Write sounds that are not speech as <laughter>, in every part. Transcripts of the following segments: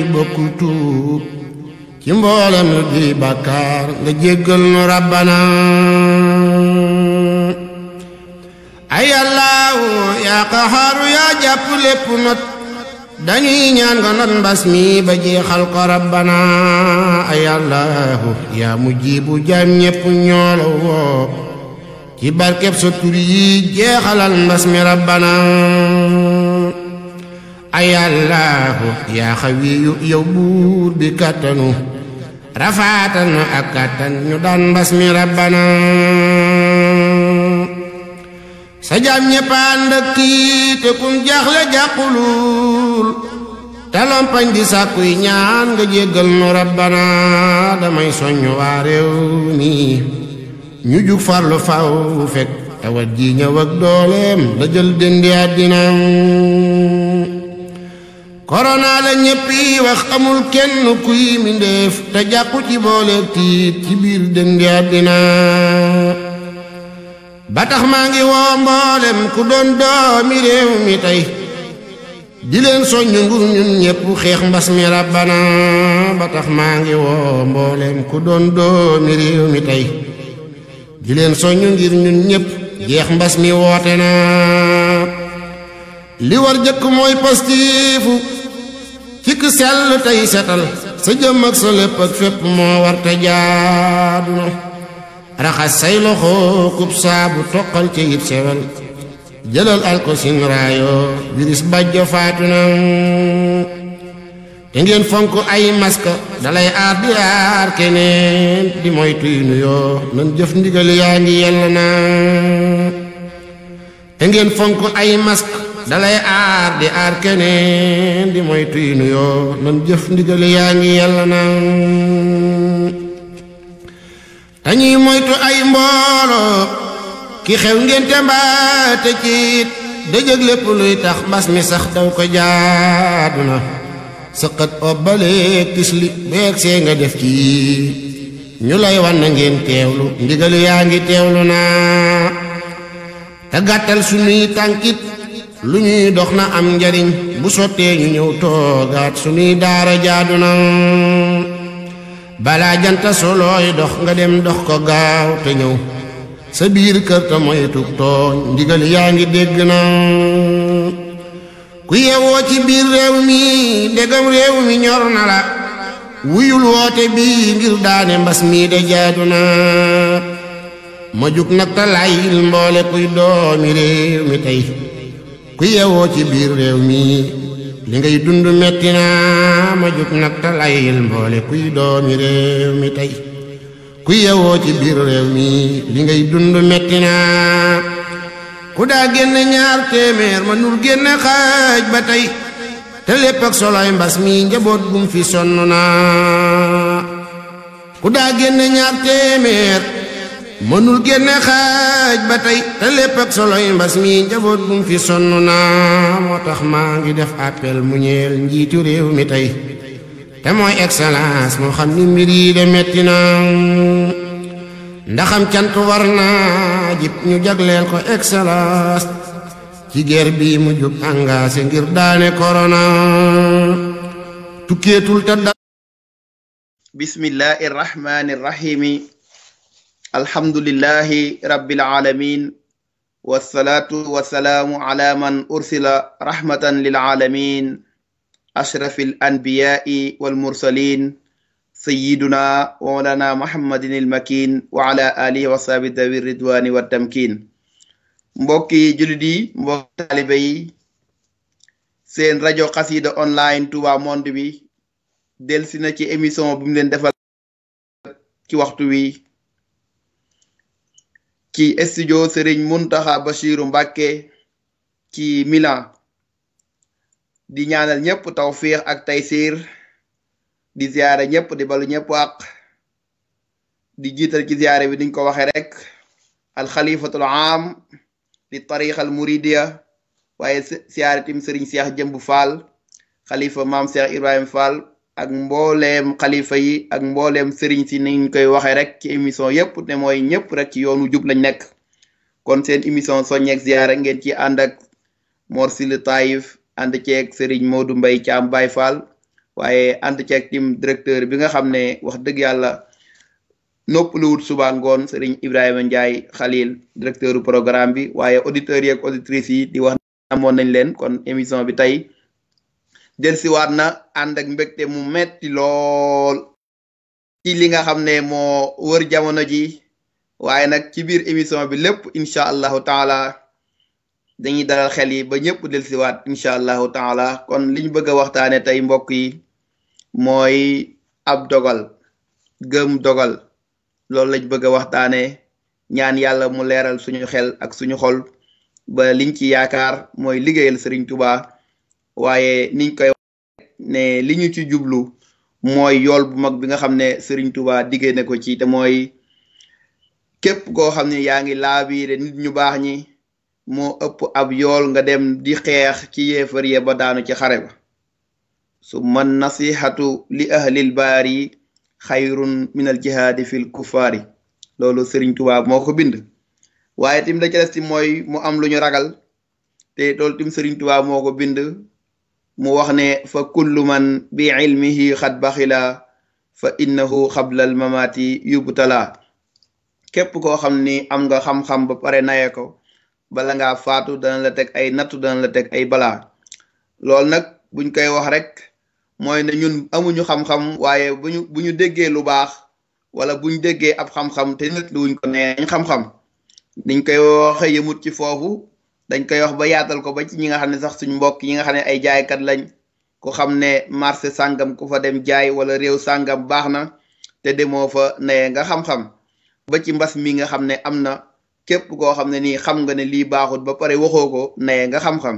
ci bokkul ci mboolem lu di bàkkaar nga jéggal nu rabbana ay yàllaahu yaa qaxaaru yaa jàpp lépp not dañuy ñaan nga not mbas mi ba jeexal ko rabbana ay yàllaahu yaa mujjibu jaam ñépp ñoo ci barkeb sa tur jeexalal mbas mi rabbana ayallaahu yaa xawiyu yow buur bi kàttanu rafaatal nu ak kàttan ñu daan mbas mi rabbana sa jaam ñeppaan ndëkkii te kum jaaxle jàqulul talompañ di sàkkuy ñaan nga jéggal nu rabbana damay soññ waa réew mi ñu jug farlu faw fekk tawat ji ñëw dooleem la dendi àddinam korona la ñëpp yi wax amul kenn kuy mindeef te jàqu ci boole tiit ci biir dëngi àddina ba tax maa ngi woo mboolem ku doon doomi mi tey di leen soññu ñun ñëpp xeex mbas mi rabbana ba maa ngi woo mboolem ku doon doomi mi tey di leen ngir ñun ñëpp jeex mbas mi woote na jëkk mooy pastiifu fikk sell tey setal sa jëm sa lépp ak fépp moo war te na raxas say loxo kub saabu toqal ci yit sewel jëlal alkosin raayoo viris faatu na te ngeen fonk ay maska dalay aar di aar keneen di moytu yu nuyoo nan jëf ndigal yaa ngi yell na te ngeen fonk ay maska dalay aar di aar keneen di moytu yi nuyoo nan jëf ndigal yaa ngi yàlla nan dañuy moytu ay mboolo ki xew ngénte mbaate ciit dëjëg lépp luy tax mbas mi sax daw ko jaadu na sëqat obbaleeg tis li beeg see nga def ci ñu lay wan na ngeen teewlu ndigal yaa ngi teewlu na te gàttal suñuy tànkit lu ñuy dox na am njariñ bu sottee ñu ñëw toogaat suñuy daara jaadu na balaa janta solooy dox nga dem dox ko gaaw te ñëw sa biir kër te moytu tooñ ndigal yaa ngi dégg na ku yewoo ci biir réew mi dégam réew mi ñor na la wuyul woote bii ngir daane mbas mii de jaadu na ma jug nag te layyil mboole kuy doomi réew mi tey ku yewoo ci biir réew mi li ngay dund metti na ma jug nag talayil mboole kuy doomi réew mi tey ku yewoo ci biir réew mi li ngay dund metti na ku daa génne ñaar téeméer ma nul génne xaaj ba tey te lépp ak soloy mbas mi njaboot gum fi sonn na ku daa génne ñaar téeméer mënul génne xaaj ba tey te lépp ak soloy mbas mi njaboot gum fi sonn naa moo tax maa ngi def appel mu njiitu réew mi tey te mooy excellence moo xam ni mbir de metti na ndaxam cant war naa jib ñu jagleel ko excellence ci bi mu jub engagé ngir daane corona tukkeetul te da bismillahi alhamdulillahi rabbil alamin wasalaatu wasalaamu ala man ursila rahmatan lil alamin ashrafil anbiyaai wal mursalin sayyiduna wa mawlana muhammadin il makin wa ala alihi wa sahbi dawi ridwani wa tamkin mbokki jullit yi mbokki taalibe yi seen rajo xasida online Touba Monde bi delsi na ci émission bu mu leen defal ci waxtu wi ci studio Serigne Mountakha Bassirou Mbacké ci Milan di ñaanal ñëpp tawfiix ak taysiir di ziyaare ñëpp di balu ñëpp ak di jiital ci ziyaare bi diñ ko waxe rek alxalifatul am di tariqa al muridiya waaye ziyaare tim Serigne Cheikh Jëmb Fall xalifa maam Cheikh Ibrahim Fall ak mbooleem xalifa yi ak mbooleem sëriñ si niñ koy waxee rek ci émission yëpp ne mooy ñëpp rek ci yoonu jub lañ nekk kon seen émission soññeeg ziyaara ngeen ci ànd ak Mor Sylla Taif ànd ceeg sëriñ Modou mbay Thiam Baye Fall waaye ànd ceeg tim directeur bi nga xam ne wax dëgg yàlla noppaluwut suba ngoon sëriñ Ibrahima Ndiaye xalil directeur programme bi waaye auditeurs yi ak yi di wax amoon nañ leen kon émission bi tey delsiwaat na ànd ak mbégte mu metti lool ci li nga xam ne moo wër jamono ji waaye nag ci biir émission bi lépp incha allahu taala dañuy dalal xel yi ba ñëpp delsiwaat incha allahu taala kon liñ bëgg a waxtaane tey mbokk yi mooy ab dogal gëm dogal loolu lañ bëgg a waxtaane ñaan yàlla mu leeral suñu xel ak suñu xol ba liñ ci yaakaar mooy liggéeyal Sëriñ Tuubaa waaye niñ koy ne li ñu ci jublu mooy yool bu mag bi nga xam ne sëriñ Touba diggee na ko ci te mooy képp goo xam ne yaa ngi laabiire nit ñu baax ñi moo ëpp ab yool nga dem di xeex ci yéefar ya ba daanu ci xare ba su man nasihatu li ahlil baari xayrun min al jihaadi fil kuffaari loolu sëriñ Touba moo ko bind waaye tim la ca des ti mooy mu am lu ñu ragal te loolu tim sëriñ tubaa moo ko bind mu wax ne fa kullu man bi ilmihi xat baxila fa innahu xabla al mamaati yubtala képp koo xam ni am nga xam-xam ba pare naye ko bala ngaa faatu dana la teg ay nattu dana la teg ay balaa loolu nag buñ koy wax rek mooy ne ñun amuñu xam-xam waaye buñu bu ñu déggee lu baax wala buñ déggee ab xam-xam te nit lu wuñ ko nee nañ xam-xam niñ koy waxe yëmut ci foofu dañ koy ba yaatal ko ba ci ñi nga xam ne sax suñ mbokk yi nga xam ne ay jaaykat lañ ku xam ne marché sàngam ku fa dem jaay wala réew sàngam baax na te demoo fa naye nga xam-xam ba ci mbas mi nga xam ne am na képp koo xam ne nii xam nga ne lii baaxut ba pare waxoo ko naye nga xam-xam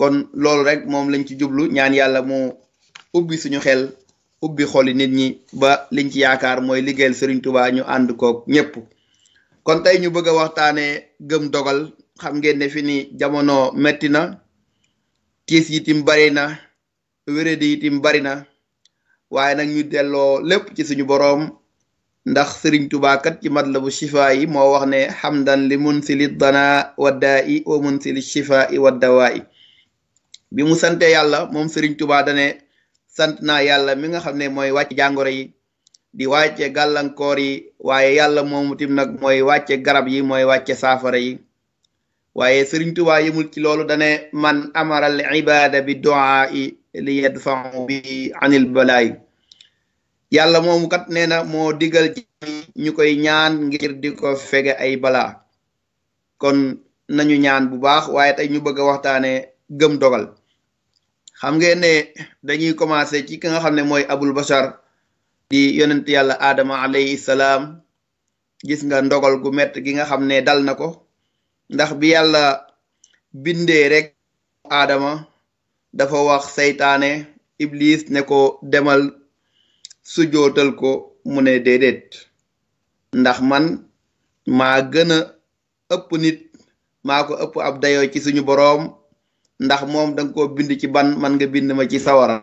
kon loolu rek moom lañ ci jublu ñaan yàlla mu ubbi suñu xel ubbi xoli nit ñi ba liñ ci yaakaar mooy liggéeyal Serigne Touba ñu ànd kook ñépp kon tey ñu bëgg a xam ngeen ne fi ni jamono metti na tiis yitim bari na wéradi yitim bari na waaye nag ñu delloo lépp ci suñu boroom ndax sëriñ tubaakat ci matlabu shifaa yi moo wax ne xamdan li munsili dana waddaa i wa munsili shifaa i waddawaa i bi mu sante yàlla moom sëriñ tubaa dane sant naa yàlla mi nga xam ne mooy wàcc jàngoro yi di wàcce gàllankoor yi waaye yàlla moomu tim nag mooy wàcce garab yi mooy wàcce saafara yi waaye Sëriñ Tuubaa yëmul ci loolu dane man amaral ibaada bi duaa i li yadfau bi anil balaay yàlla moomu kat nee na moo digal ci ñu koy ñaan ngir di ko fege ay balaa kon nañu ñaan bu baax waaye tey ñu bëgg a waxtaane gëm dogal xam ngeen dañuy commencé ci ki nga xam ne mooy abul bashar di yonent yàlla aadama alayhi salaam gis nga ndogal gu mett gi nga xam ne dal na ko ndax bi yàlla bindee rek aadama dafa wax seytaane iblis ne ko demal sujootal ko mu ne déedéet ndax man maa gën a ëpp nit maa ko ëpp ab dayoo ci suñu boroom ndax moom danga ko bind ci ban man nga bind ma ci sawara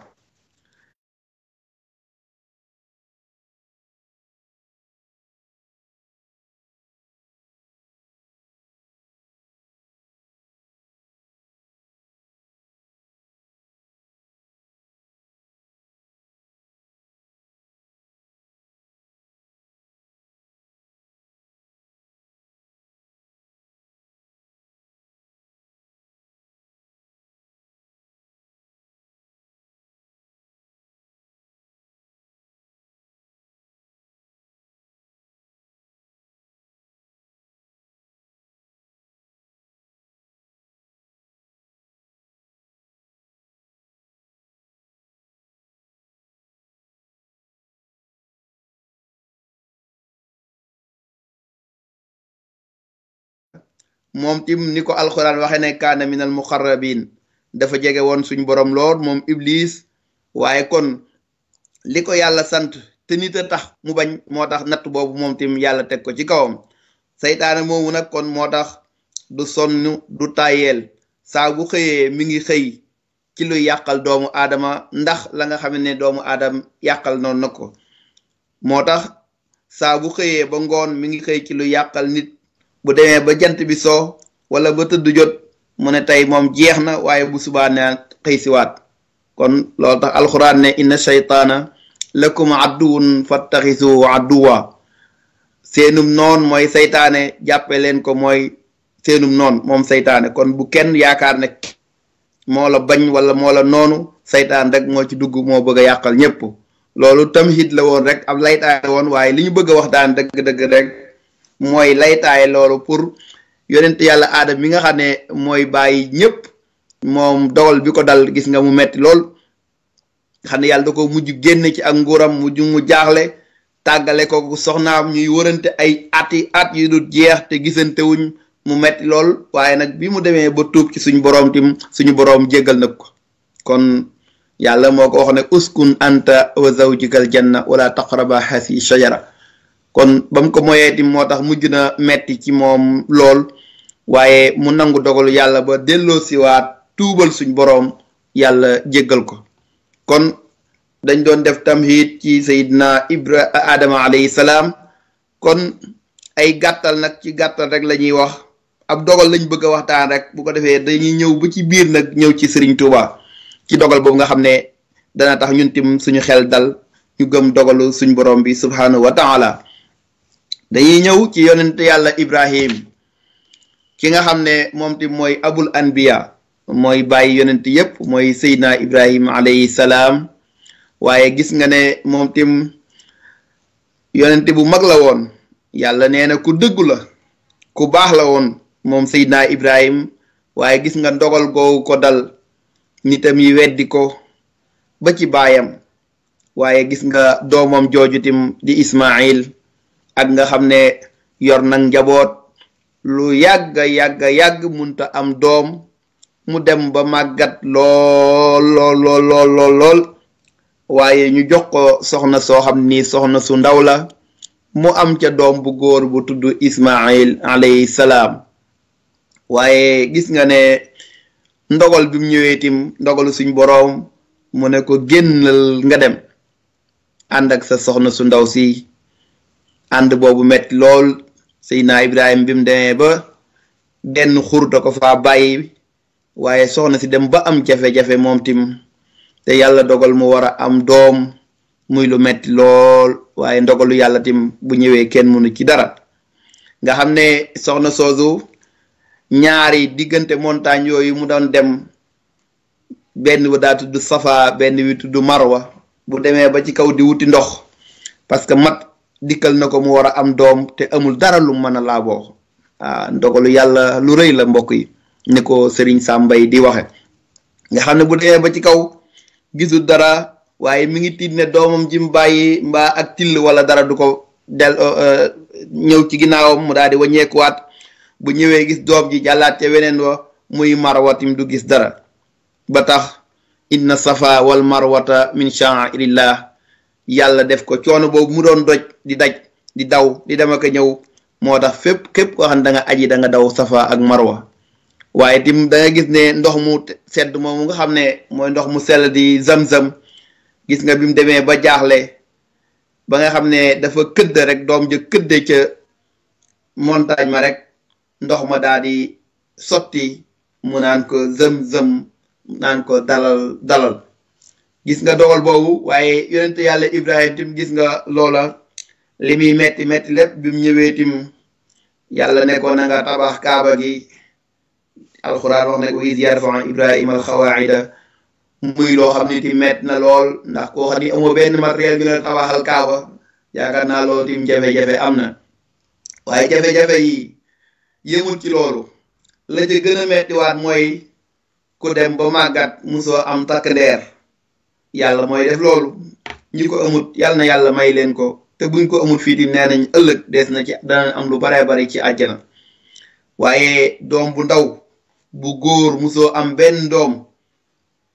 moom tim ni ko alxuraan waxe ne kaana minal muqarrabin dafa jege woon suñ borom lool moom iblis waaye kon li ko yàlla sant te nit a tax mu bañ moo tax natt boobu moom tim yàlla teg ko ci kawam seytaane moomu nag kon moo tax du sonn du tayeel saa bu xëyee mi ngi xëy ci lu yàqal doomu aadama ndax la nga xam ne doomu aadama yàqal noonu na ko moo tax saa bu xëyee ba ngoon mu ngi xëy ci lu yàqal nit bu demee ba jant bi soo wala ba tëdd jot mu ne tey moom jeex na waaye bu subaa ne xëy siwaat kon loolu tax alxuraan ne inna shaytaana lakum adduwun fattaxisuhu adduwa seenum noon mooy saytaane jàppe leen ko mooy seenum noon moom seytaane kon bu kenn yaakaar ne moo la bañ wala moo la noonu seytaan rek moo ci dugg moo bëgg a yàqal ñépp loolu tamhid la woon rek ab laytaan woon waaye li ñu bëgga a wax daan dëgg-dëgg rek mooy laytaay loolu pour yonent yàlla aadam mi nga xam ne mooy bàyyi ñëpp moom dogal bi ko dal gis nga mu metti lool xam ne yàlla da ko mujj génn ci ak nguuram mujj mu jaaxle tàggale ko soxnaam ñuy wërante ay ati at yu du jeex te gisantewuñ mu metti lool waaye nag bi mu demee ba tuub ci suñu borom tim suñu boroom jéggal nag ko kon yàlla moo ko wax ne uskun anta wa zawjikal janna wala taqraba hasi shajara kon ba mu ko moyee tim moo tax mujj na metti ci moom lool waaye mu nangu dogalu yàlla ba delloo siwaat tuubal suñ boroom yàlla jéggal ko kon dañ doon def tam tamhid ci sayidna ibra adama alayhi salaam kon ay gàttal nag ci gàttal rek la ñuy wax ab dogal lañu bëgg a waxtaan rek bu ko defee dañuy ñëw bu ci biir nag ñëw ci sëriñ Tuuba ci dogal boobu nga xam ne dana tax ñun tim suñu xel dal ñu gëm dogalu suñ borom bi subhaanahu wa taala dañuy ñëw ci yonent yàlla ibrahim ki nga xam ne moom ti mooy abul anbiya mooy bàyyi yonent yépp mooy seydna ibrahim alayhi salaam waaye gis nga ne moom tim yonent bu mag la woon yàlla nee na ku dëggu la ku baax la woon moom seydna ibrahim waaye gis nga ndogal googu ko dal nitam yi weddi ko ba ci baayam waaye gis nga doomam jooju tim di ismail ak nga xam ne yor nag njaboot lu yàgga yàgga yàgg munta am doom mu dem ba màggat lool lool lool lool waaye ñu jox ko soxna soo xam ni soxna su ndaw la mu am ca doom bu góor bu tudd Ismail alayhi salaam waaye gis nga ne ndogal bi mu ñëwee tim suñ boroom mu ne ko génnal nga dem ànd sa soxna su ndaw si ànd boobu metti lool Seydina Ibrahima bi mu demee ba genn xur da ko bàyyi waaye soxna si dem ba am jafe-jafe moom tim te yàlla dogal mu war a am doom muy lu metti lool waaye ndogalu yàlla tim bu ñëwee kenn mënu ci dara nga xam ne soxna soosu ñaari diggante montagne yooyu mu daan dem benn ba daa tudd Safa benn bi tudd Marwa bu demee ba ci kaw di wuti ndox parce mat dikkal na ko mu war a am doom te amul dara lu mën a laaboo ah yàlla lu rëy la mbokk yi ni ko Serigne Sambay di waxe nga xam ne bu demee ba ci kaw gisul dara waaye mi ngi tiid ne doomam jim mu bàyyi mbaa ak till wala dara du ko del uh, uh, ñëw ci ginnaawam mu daal di waññeekuwaat bu ñëwee gis doom ji jàllaat ca weneen wa muy marwatim du gis dara ba tax inna safa wal marwata min sha'airillah yàlla def ko coono boobu mu doon doj di daj di daw di dem ak a ñëw moo tax fépp képp koo xam ne da nga aji da nga daw safa ak marwa waaye dim danga gis ne ndox mu sedd moomu nga xam ne mooy ndox mu sell di zam-zam gis nga bi mu demee ba jaaxle ba nga xam ne dafa këdd rek doom ja këdde ca montagne ma rek ndox ma daa di sotti mu naan ko zëm-zëm naan ko dalal dalal gis nga dogal boobu waaye yonent yàlla ibrahim tim gis nga loola li muy metti metti lépp bi mu ñëwee tim yàlla ne ko na nga tabax kaaba gi alxuraan wax ne ko iz yarfa'u Ibrahima alxawaa'ida muy loo xam ne metti na lool ndax koo xam ne amoo benn matériel bi nga tabaxal kaaba yaakaar naa loolu tim jafe-jafe am na waaye jafe-jafe yi yëmul ci loolu la ca gën a mettiwaat mooy ku dem ba màggat musoo am takk ndeer yàlla mooy def loolu ñi ko amut yàlla na yàlla may leen ko te buñ ko amut fii di nee nañ ëllëg des na ci danañ am lu baree bari ci àjjana waaye doom bu ndaw bu góor musoo am benn doom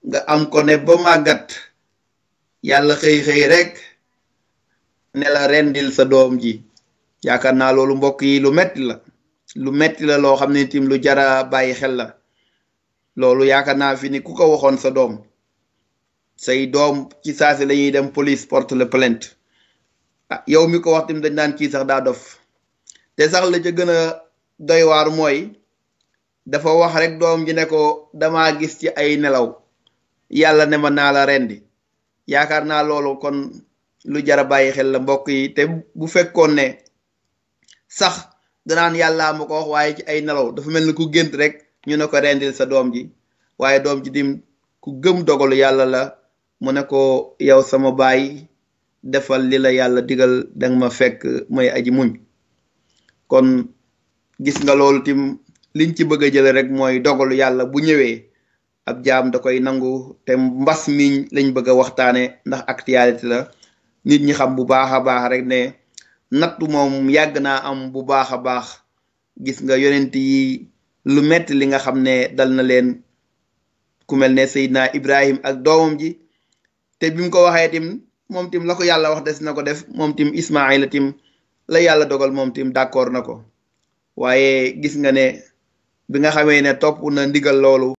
nga am ko ne ba màggat yàlla xëy-xëy rek ne la rendil sa doom ji yaakaar naa loolu mbokk yi lu metti la lu metti la loo xam ne tim lu jara bàyyi xel la loolu yaakaar naa fi ni ku ko waxoon sa doom say doom ci saasi la ñuy dem police porte le plainte ah yow mi ko wax tamit dañ naan kii sax daa dof te sax la ca gën a doy waar mooy dafa wax rek doom ji ne ko dama gis ci ay nelaw yàlla ne ma naa la rendi yaakaar naa loolu kon lu jara bàyyi xel la mbokk yi te bu fekkoon ne sax danaan yàlla ma ko wax waaye ci ay nelaw dafa mel ni ku gént rek ñu ne ko rendil sa doom ji waaye doom ji dim ku gëm dogalu yàlla la mu ne ko yow sama baay defal li la yàlla digal danga ma fekk may aji muñ kon gis nga loolu tim liñ ci bëgg a jële rek mooy dogalu yàlla bu ñëwee ab jaam da koy nangu te mbas miñ lañ bëgg a waxtaane ndax actualité la nit ñi xam bu baax a baax rek ne nattu moom yàgg naa am bu baax a baax gis nga yonent yi lu metti li nga xam ne dal na leen ku mel ne Seydina Ibrahim ak doomam ji te bi mu ko waxee tim moom tim la ko yàlla wax des na ko def moom tim Ismaayla tim la yàlla dogal moom tim d'accord na ko waaye gis nga ne bi nga xamee ne topp na ndigal loolu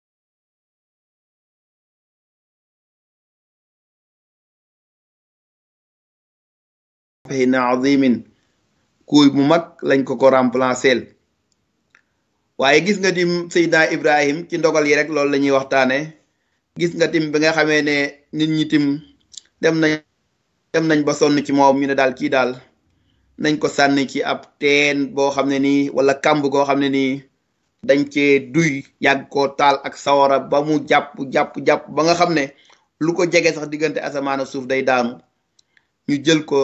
na azimin kuuy bu mag lañ ko ko remplacer waaye gis nga tim Seydina Ibrahim ci ndogal yi rek loolu lañuy ñuy waxtaane gis nga tim bi nga xamee ne nit ñi tim dem nañ dem nañ ba sonn ci moom ñu ne daal kii daal nañ ko sànni ci ab teen boo xam ne nii wala kàmb goo xam ne nii dañ cee duy yàgg ko taal ak sawara ba mu jàpp jàpp jàpp ba nga xam ne lu ko jege sax diggante asamaan a suuf day daanu ñu jël ko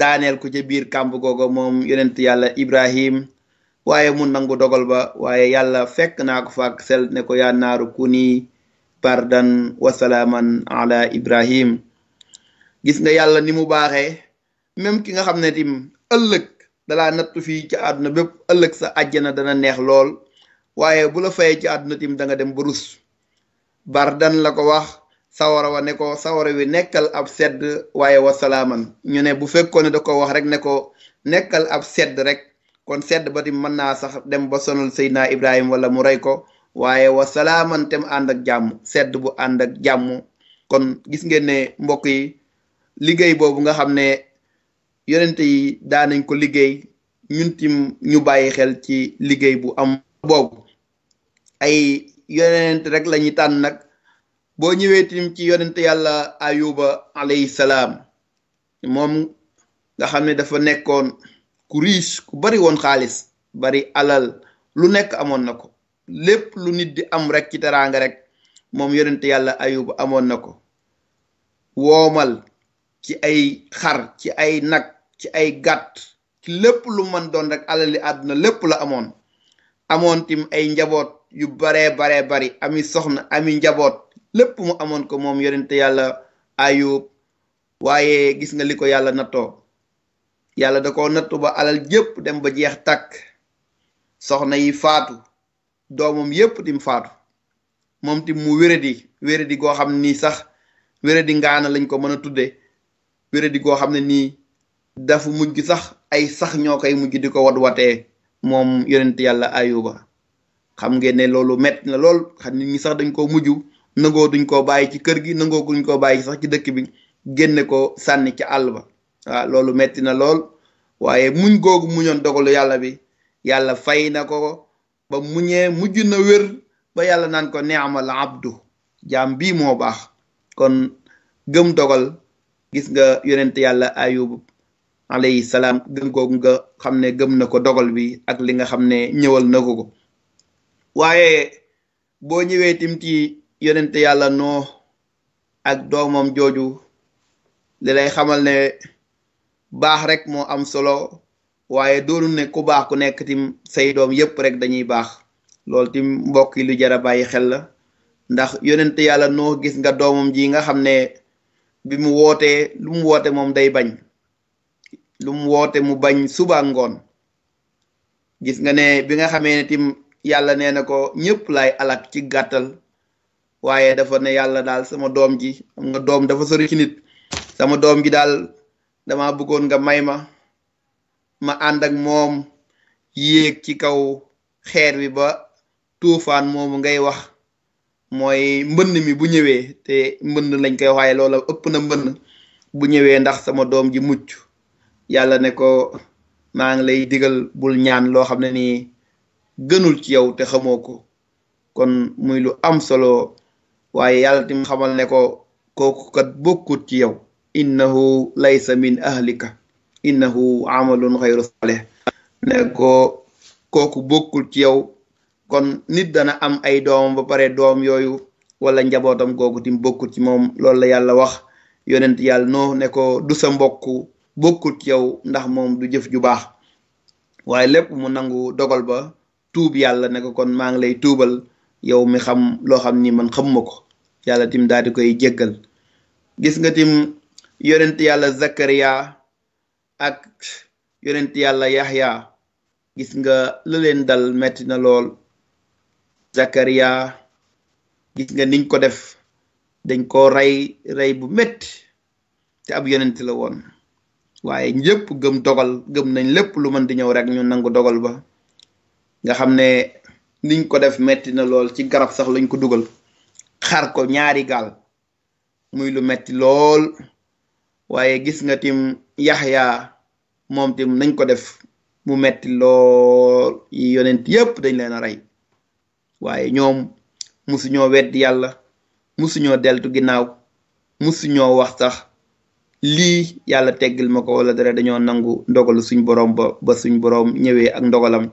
daaneel ko ca biir kàmb googa moom yonent yàlla Ibrahim waaye mu nangu dogal ba waaye yàlla fekk naa ko fa ak sel ne ko yaa naaru nii fardan wasalaaman ala ibrahim gis nga yàlla ni mu baaxee même ki nga xam ne tim ëllëg dalaa nattu fii ci àdduna bépp ëllëg sax àjjana dana neex lool waaye bu la fayee ci àdduna tim da nga dem ba rus bardan la ko wax sawara wa ne ko sawara wi nekkal ab sedd waaye wasalaaman ñu ne bu fekkoon ne da ko wax rek ne ko nekkal ab sedd rek kon sedd ba tim mën naa sax dem ba sonal Seydina Ibrahim wala mu rey ko waaye wa salaaman ànd ak jàmm sedd bu ànd ak jàmm kon gis ngeen ne mbokk yi liggéey boobu nga xam ne yonent yi daanañ ko liggéey ñun ñu bàyyi xel ci liggéey bu am boobu ay yonent rek lañuy tànn nag boo ñëwee tim ci yonent yàlla ayuba alayhi salaam moom nga xam ne dafa nekkoon ku riche ku bari woon xaalis bari alal lu nekk amoon na ko lépp lu nit di am rek ci teraanga rek moom yonent yàlla ayub amoon na ko woomal ci ay xar ci ay nag ci ay gàtt lépp lu mën doon rek alali àdduna lépp la amoon amoon tim ay njaboot yu baree baree bari ami soxna ami njaboot lépp mu amoon ko moom yonent yàlla ayub waaye gis nga li ko yàlla nattoo yàlla da ko nattu ba alal jépp dem ba jeex tàkk soxna yi faatu doomam yépp tim faatu moom tim mu wéradi wéradi goo xam nii sax wéradi ngaana lañ ko mën a tudde wéradi goo xam ne nii dafa mujj sax ay sax ñoo koy mujj di ko wat moom yonent yàlla ayuba xam ngeen ne loolu metti na lool xam nit ñi sax dañ koo mujj nangoo duñ koo bàyyi ci kër gi nangoo duñ koo bàyyi sax ci dëkk bi génne ko sànni ca àll ba waaw loolu metti na lool waaye muñ googu muñoon dogalu yàlla bi yàlla fay na ko ba muñee mujj na wér ba yàlla naan ko amala abdu jaam bii moo baax kon gëm dogal gis nga yonent yàlla ayub alayhi salaam gëm ko nga xam ne gëm na ko dogal bi ak li nga xam ne ñëwal na ko ko waaye boo ñëwee tim ci yonent yàlla noo ak doomam jooju li lay xamal ne baax rek moo am solo waaye doolu ne ku baax ku nekk tim say doom yépp rek dañuy baax loolu tim mbokk yi lu jar a bàyyi xel la ndax yonent yàlla noo gis nga doomam ji nga xam ne bi mu wootee lu woote moom day bañ lu woote mu bañ suba gis nga ne bi nga xamee ne yàlla nee na ko ñépp lay alak ci gàttal waaye dafa ne yàlla daal sama doom ji xam nga doom dafa sori ci nit sama doom ji daal dama bëggoon nga may ma ma ànd moom yéeg ci kaw xeer wi ba tuufaan moomu ngay wax mooy mbënn mi bu ñëwee te mbënn lañ koy waaye loola ëpp na mbënn bu ñëwee ndax sama doom ji mucc yàlla ne ko maa ngi lay digal bul ñaan loo xam ne nii gënul ci yow te xamoo ko kon muy lu am solo waaye yàlla tim xamal ne ko kooku kat bokkut ci yow innahu laysa min ahlika innahu amalun xayru salih ne ko kooku bokkul ci yow kon nit dana am ay doomam ba pare doom yooyu wala njabootam kooku tim bokkul ci moom loolu la yàlla wax yonent yàlla noo nekkoo du sa mbokk bokkul ci yow ndax moom du jëf ju baax waaye lépp mu nangu dogal ba tuub yàlla ne ko kon maa ngi lay tuubal yow mi xam loo xam ni man xamuma ko yàlla tim daal di koy jéggal gis nga tim yonent yàlla Zakariya ak yonent yàlla yaxya gis nga lu leen dal metti na lool Zakaria gis nga niñ ko def dañ ko rey rey bu metti te ab yonent la woon waaye ñëpp gëm dogal gëm nañ lépp lu mën di ñëw rek ñu nangu dogal ba nga xam ne niñ ko def metti na lool ci garab sax lañ ko dugal xar ko ñaari gaal muy lu metti lool waaye gis nga tim yaxya moom tim nañ ko def mu metti lool yi yonent yépp dañ leen a rey waaye ñoom musuñoo weddi yàlla musuñoo deltu ginnaaw musuñoo wax sax lii yàlla teggil ma ko wala dara dañoo nangu ndogalu suñ boroom ba suñ boroom ñëwee ak ndogalam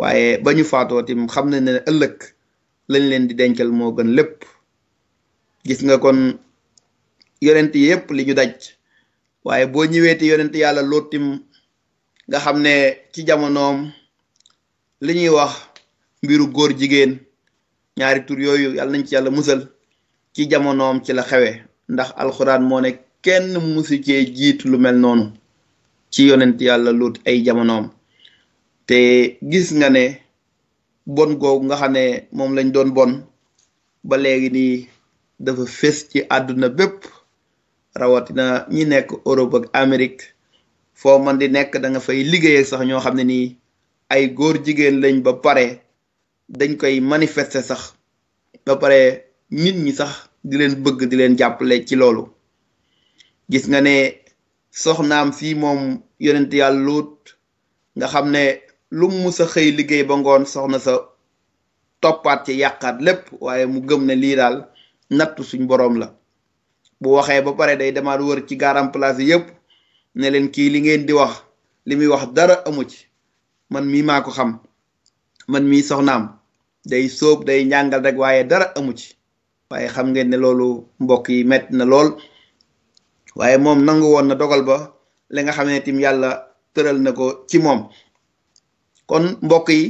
waaye ba ñu faatoo tim xam na ne ëllëg lañ leen di dencal moo gën lépp gis nga kon yonent yëpp li ñu daj waaye boo ñëweeti yonent yàlla lootim nga xam ne ci jamonoom li ñuy wax mbiru góor jigéen ñaari tur yooyu yàlla nañ ci yàlla musal ci jamonoom ci la xewe ndax alxuraan moo ne kenn musu cee jiitu lu mel noonu ci yonent yàlla loot ay jamonoom te gis nga ne bon googu moom lañ doon bon ba léegi nii dafa fés ci àdduna bépp rawatina ñi nekk Europe ak foo man di nekk danga fay liggéey sax ñoo xam ne nii ay góor jigéen lañ ba pare dañ koy manifester sax ba pare nit ñi sax di leen bëgg di leen jàppale ci loolu gis nga ne soxnaam fii moom yonent yàlla luut nga xam ne lu mu sa xëy liggéey ba ngoon soxna sa toppaat ci yàqaat lépp waaye mu gëm ne lii daal nattu suñ boroom la bu waxee ba pare day demaat wër ci garam place yëpp ne leen kii li ngeen di wax li muy wax dara amu ci man mii maa xam man mii soxnaam day sóob day njàngal rek waaye dara amu ci waaye xam ngeen ne loolu mbokk yi metti na lool waaye moom nangu woon na dogal ba li nga xam tim yàlla tëral na ko ci moom kon mbokk yi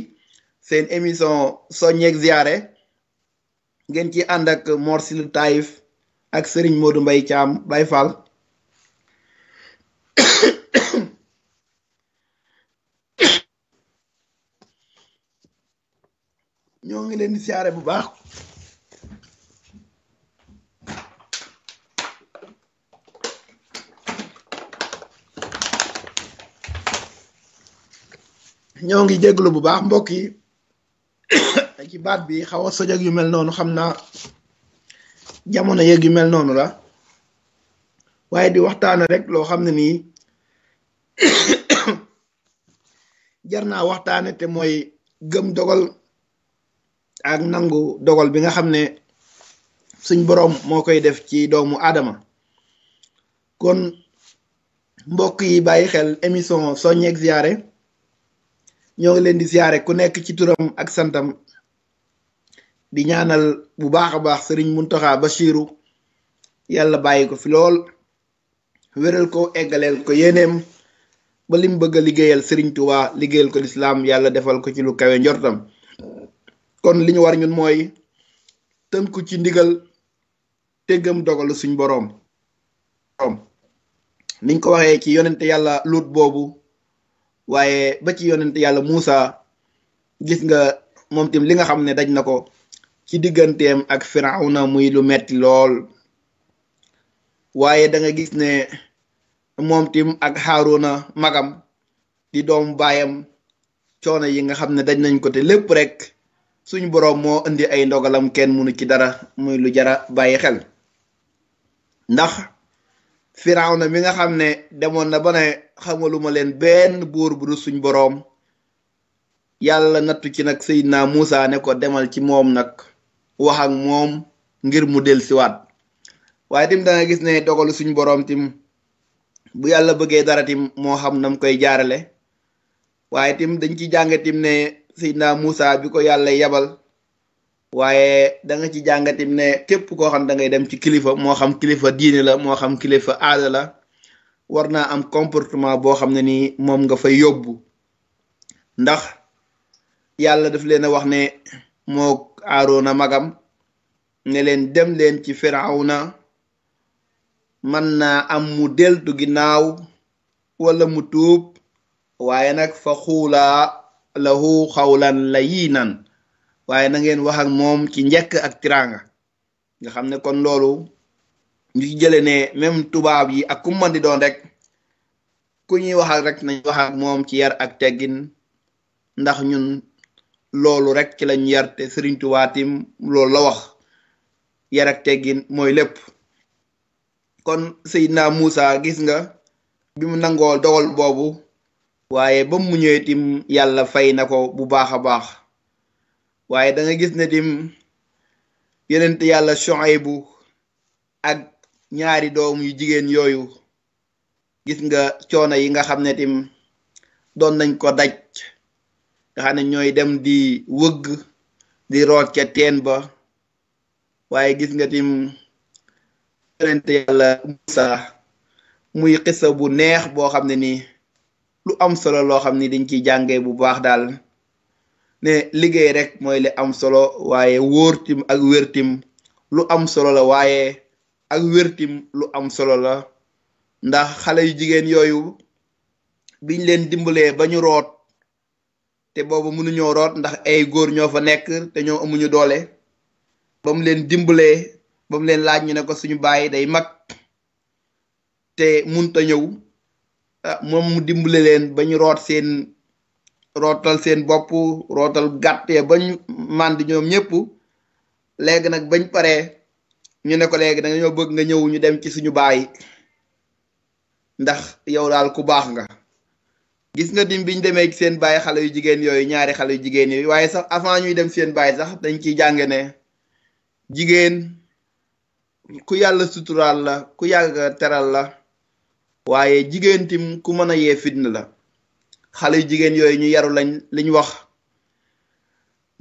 seen émission soo soññeeg ziyaare ngeen ci àndak ak Mor ak Serigne Modou Mbaye Thiam Baye Fall ñoo ngi leen di siyaare bu baax ñoo ngi jéglu bu baax mbokk yi <coughs> ci baat bi xaw a sojog yu mel noonu xam na jamono yeeg yu noonu la waaye di waxtaane rek loo xam ne nii <coughs> jar naa waxtaane te mooy gëm dogal ak nangu dogal bi nga xam ne suñ boroom moo koy def ci doomu Adama kon mbokk yi bàyyi xel émission soññeeg ziyaare ñoo ngi leen di ziyaare ku nekk ci turam ak santam di ñaanal bu baax a baax sëriñ Muntaxa Basiru yàlla bàyyi ko fi lool wéral ko eggaleel ko yéeneem ba lim bëgg a liggéeyal sëriñ Tuubaa liggéeyal ko lislaam yàlla defal ko ci lu kawe njortam kon li ñu war ñun mooy tënku ci ndigal tëggam dogalu suñ boroom niñ ko waxee ci yonente yàlla luut boobu waaye ba ci yonente yàlla musa gis nga moom tim li nga xam ne daj na ko ci digganteem ak na muy lu metti lool waaye danga gis ne moom tim ak xaaruna magam di doom baayam coono yi nga xam ne daj nañ ko te lépp rek suñu boroom moo indi ay ndogalam kenn mënu ci dara muy lu jara bàyyi xel ndax na mi nga xam ne demoon na ba ne xamaluma leen benn buur bu dul suñ boroom yàlla nattu ci nag Seydina Muusa ne ko demal ci moom nag wax ak moom ngir mu siwaat waaye tim danga gis ne dogalu suñ boroom tim bu yàlla bëggee dara tim moo xam nam koy jaarale waaye tim dañ ci jànge tim ne Seydina Muusa bi ko yàlla yabal waaye danga nga ci jàngatim ne képp koo xam da ngay dem ci kilifa moo xam kilifa diine la moo xam kilifa aada la war naa am comportement boo xam ne nii moom nga fay yóbbu ndax yàlla daf leen a wax ne moo aaroona magam ne leen dem leen ci firawna man naa am mu deltu ginnaaw wala mu tuub waaye nag fa xuulaa lahu xawlan layinan waaye na ngeen wax ak moom ci njëkk ak tiraanga nga xam ne kon loolu ñu ci jële ne même tubaab yi ak ku mën doon rek ku ñuy wax ak rek nañ wax moom ci yar ak teggin ndax ñun loolu rek ci lañ yarte Sëriñ Tuubaa loolu la wax yarak ak teggin mooy lépp kon naa Muusa gis nga bi mu nangoo dogal boobu waaye ba mu ñëwee tim yàlla fay na ko bu baax a baax waaye danga gis ne tim yenent yàlla bu ak ñaari doom yu jigéen yooyu gis nga coono yi nga xam ne tim doon nañ ko daj nga ñooy dem di wëgg di root ca teen ba waaye gis nga tim yonente yàlla Musa muy xisa bu neex boo xam ne ni lu am solo loo xam ni dañ ciy jàngee bu baax daal ne liggéey rek mooy li am solo waaye wóortim ak wértim lu am solo la waaye ak wértim lu am solo la ndax xale yu jigéen yooyu biñ leen dimbalee ba ñu root te boobu mënuñoo root ndax ay góor ñoo fa nekk te ñoo amuñu doole ba mu leen dimbalee ba mu leen laaj ñu ne ko suñu bàyyi day mag te munta ñëw ah, moom mu dimbale leen ba ñu root seen rootal seen bopp rootal gàtt ya ba ñu mànd ñoom ñëpp léegi nag bañ paree ñu ne ko léegi da nga ñoo bëgg nga ñëw ñu dem ci suñu bàyyi ndax yow daal ku baax nga gis nga bi ñu demee seen bàyyi xale yu jigéen yooyu ñaari xale yu jigéen yooyu waaye sax avant ñuy dem seen bàyyi sax dañ ciy jàng ne jigéen ku yàlla suturaal la ku yàlla teral la waaye jigéen tim ku mën a yee fitna la xale yu jigéen yooyu ñu yaru lañ liñ wax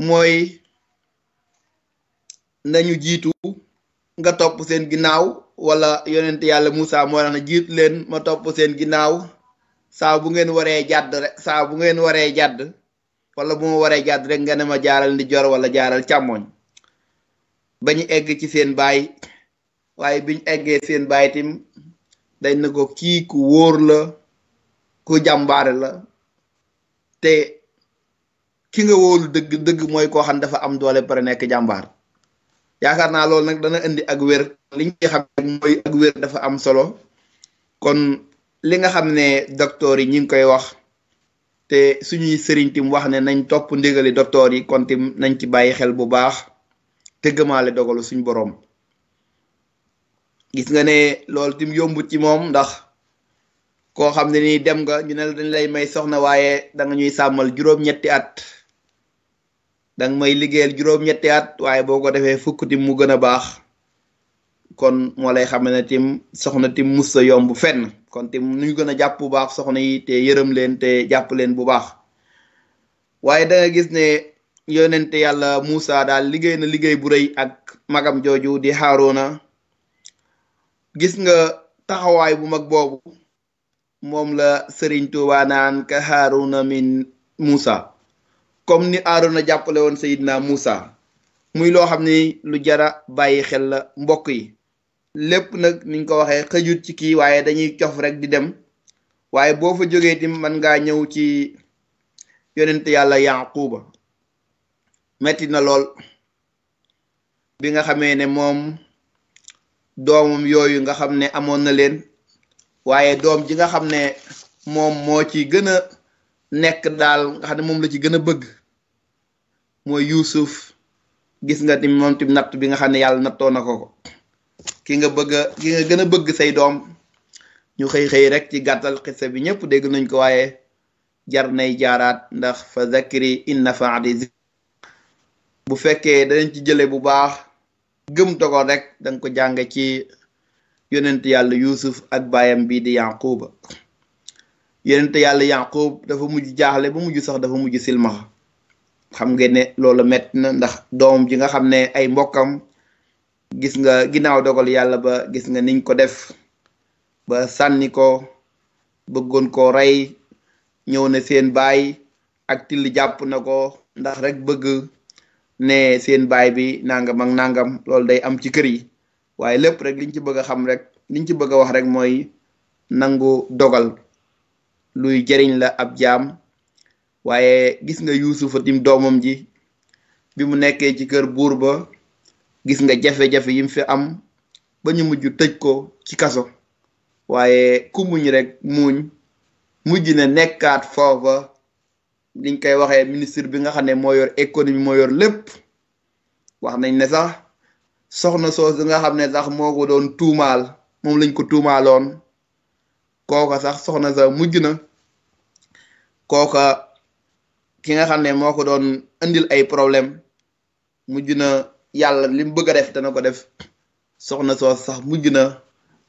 mooy nañu jiitu nga topp seen ginnaaw wala yonent yàlla Moussa moo tax na jiitu leen ma topp seen ginnaaw saa bu ngeen waree jàdd saa bu ngeen waree jàdd wala bu ma waree jàdd rek nga ne ma jaaral ndi jor wala jaaral càmmoñ ba ñu egg ci seen baay waaye biñu eggee seen baay tim dañ na ko kii ku wóor la ku jàmbaare la te ki nga wóolu dëgg dëgg mooy koo xam dafa am doole pare nekk jàmbaar yaakaar naa loolu nag dana indi ak wér li ñu xam mooy ak wér dafa am solo kon li nga xam ne docteur yi ñu ngi koy wax te suñuy sëriñ tim wax ne nañ topp ndigali docteur yi kon tim nañ ci bàyyi xel bu baax te gëmaale dogalu suñu boroom gis nga ne loolu tim yombut ci moom ndax koo xam ne nii dem nga ñu ne dañ lay may soxna waaye da nga ñuy sàmmal juróom-ñetti at da may liggéeyal juróom-ñetti at waaye boo ko defee fukk tim mu gën a baax kon moo lay xam ne tim soxna tim mus sa yomb fenn kon tim nu gën a jàpp bu baax soxna yi te yërëm leen te jàpp leen bu baax waaye da gis ne yonente yàlla Moussa daal liggéey na liggéey bu rëy ak magam jooju di Haaruna gis nga taxawaay bu mag boobu moom la Sëriñ Tuubaa naan ka Haaruna min Moussa comme ni Haaruna jàppale woon Seydina Moussa muy loo xam ni lu jara bàyyi xel la mbokk yi lépp nag niñ ko waxee xëjut ci kii waaye dañuy cof rek di dem waaye boo fa jógee tim mën ngaa ñëw ci yonent yàlla yanquuba metti na lool bi nga xamee ne moom doomam yooyu nga xam ne amoon na leen waaye doom ji nga xam ne moom moo ci gën a nekk daal nga xam ne moom la ci gën a bëgg mooy yuusuf gis nga tim moom tim natt bi nga xam ne yàlla nattoo na ko ko ki nga bëgg a ki nga gën a bëgg say doom ñu xëy xëy rek ci gàttal xissa bi ñëpp dégg nañ ko waaye jar nay jaaraat ndax fa zakiri in nafaati bu fekkee danañ ci jële bu baax gëm togo rek danga ko jàng ci yonent yàlla yuusuf ak baayam bii di yanquba yonent yàlla yanqub dafa mujj jaaxle ba mujj sax dafa mujj silmaxa xam ngeen ne loolu metti na ndax doom ji nga xam ne ay mbokkam gis nga ginnaaw dogal yàlla ba gis nga niñ ko def ba sànni ko bëggoon ko rey ñëw na seen baay ak till jàpp na ko ndax rek bëgg ne seen baay bi nangam ak nangam loolu day am ci kër yi waaye lépp rek liñ ci bëgg a xam rek liñ ci bëgg a wax rek mooy nangu dogal luy jëriñ la ab jaam waaye gis nga yuusufa tim doomam ji bi mu nekkee ci kër buur ba gis nga jafe-jafe yim fi am ba ñu mujj tëj ko ci kaso waaye ku muñ rek muñ mujj ne nekkaat foofa liñ koy waxee ministre bi nga xam ne moo yor économie moo yor lépp wax nañ ne sax soxna soos nga xam ne sax moo ko doon tuumaal moom lañ ko tuumaaloon kooka sax soxna sax mujj na kooka ki nga xam ne moo ko doon indil ay problème mujj na yàlla lim mu bëgg a def dana ko def soxna soo sax mujj na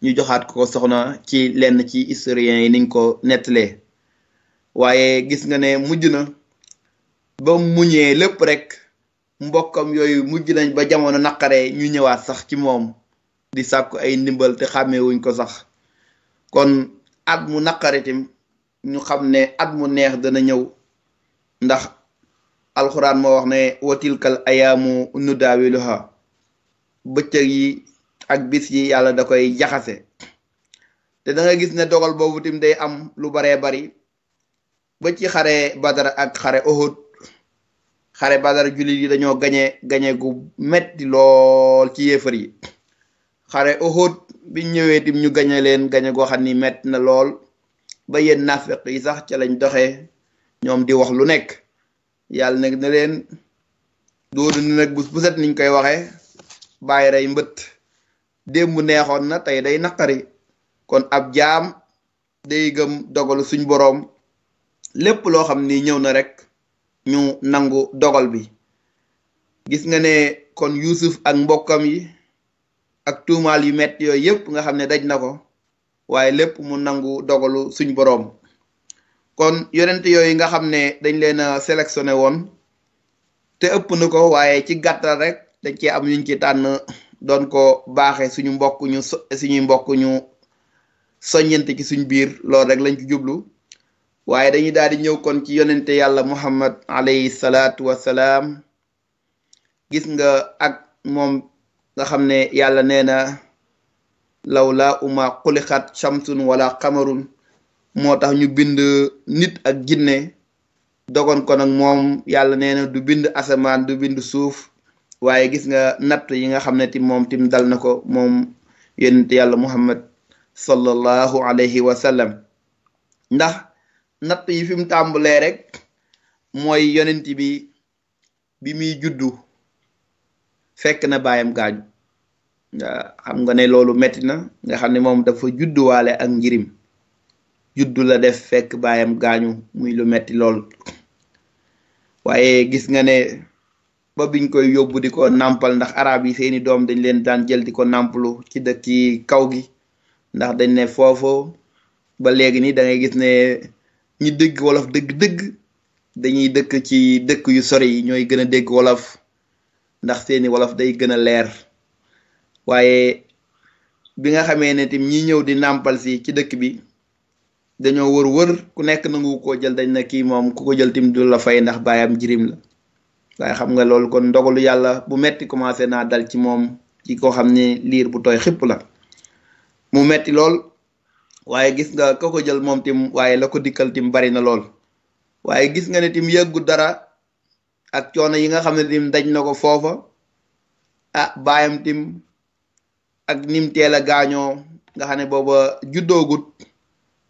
ñu joxaat ko soxna ci lenn ci historiens yi niñ ko nettalee waaye gis nga ne mujj na ba muñee lépp rek mbokkam yooyu mujj nañ ba jamono naqare ñu ñëwaat sax ci moom di sàkku ay ndimbal te xàmmeewuñ ko sax kon at mu naqaritim ñu xam ne at mu neex dana ñëw ndax alxuraan moo wax ne watilkal ayaamu nudaawiluha bëccëg yi ak bis yi yàlla da koy jaxase te da gis ne dogal boobu tim day am lu bare bari ba xare badar ak xare Uhud xare badar jullit yi dañoo gañe gañe gu metti lool ci yéefar yi xare Uhud biñ ñëwee tim ñu gañe leen gañe goo xam ni metti na lool ba yéen nafiq yi sax ca lañ doxe ñoom di wax lu nekk yàlla nag na leen doodu ni nag bus bu set niñ koy waxe bàyyi rey mbët démb neexoon na tey day naqari kon ab jaam day gëm dogalu suñ boroom lépp loo xam ni ñëw na rek ñu nangu dogal bi gis nga ne kon Yuusuf ak mbokkam yi ak tuumaal yu metti yooyu yépp nga xam ne daj na ko waaye lépp mu nangu dogalu suñ boroom kon yonent yooyu nga xam ne dañ leen a sélectionné woon te ëpp na ko waaye ci gàttal rek dañ cee am yuñ ci tànn doon ko baaxe suñu mbokk ñu suñuy mbokk ñu ci suñ biir lool rek lañ ci jublu waaye dañuy daal di ñëw kon ci yonente yàlla muhammad alayhi salaatu wassalaam gis nga ak moom nga xam ne yàlla nee na lawla uma xuliqat shamsun wala qamarun moo tax ñu bind nit ak jinne dogon ko nag moom yàlla nee na du bind asamaan du bind suuf waaye gis nga natt yi nga xam ne ti moom tim dal na ko moom yonent yàlla muhammad sallallahu alayhi wa sallam ndax natt yi fi mu rek mooy yonent bi bi muy juddu fekk na baayam gaañu nga xam nga ne loolu metti na nga xam ne moom dafa judduwaale ak njirim juddu la def fekk baayam gaañu muy lu metti lool waaye gis nga ne ba biñ koy yóbbu di ko nàmpal ndax araab yi seeni doom dañ leen daan jël di ko nàmpalu ci dëkk yi kaw gi ndax dañ ne foofu ba léegi ni da gis ne ñu dégg wolof dëgg-dëgg dañuy dëkk ci dëkk yu sore yi ñooy gën a dégg wolof ndax seeni wolof day gën a leer waaye bi nga xamee ne tim ñi ñëw di nàmpal si ci dëkk bi dañoo wër wër ku nekk nangu koo jël dañ na kii moom ku ko jël tim du la fay ndax baayam jirim la waaye xam nga loolu kon ndogalu yàlla bu metti commencé naa dal ci moom ci koo xam ne liir bu tooy xipp la mu metti lool waaye gis nga ko jël moom tim waaye la ko dikkal tim bari na lool waaye gis nga ne tim yëggu dara ak coono yi nga xam ne tim dañ na ko foofa ah baayam tim ak nim teel a gaañoo nga xam ne booba juddoogut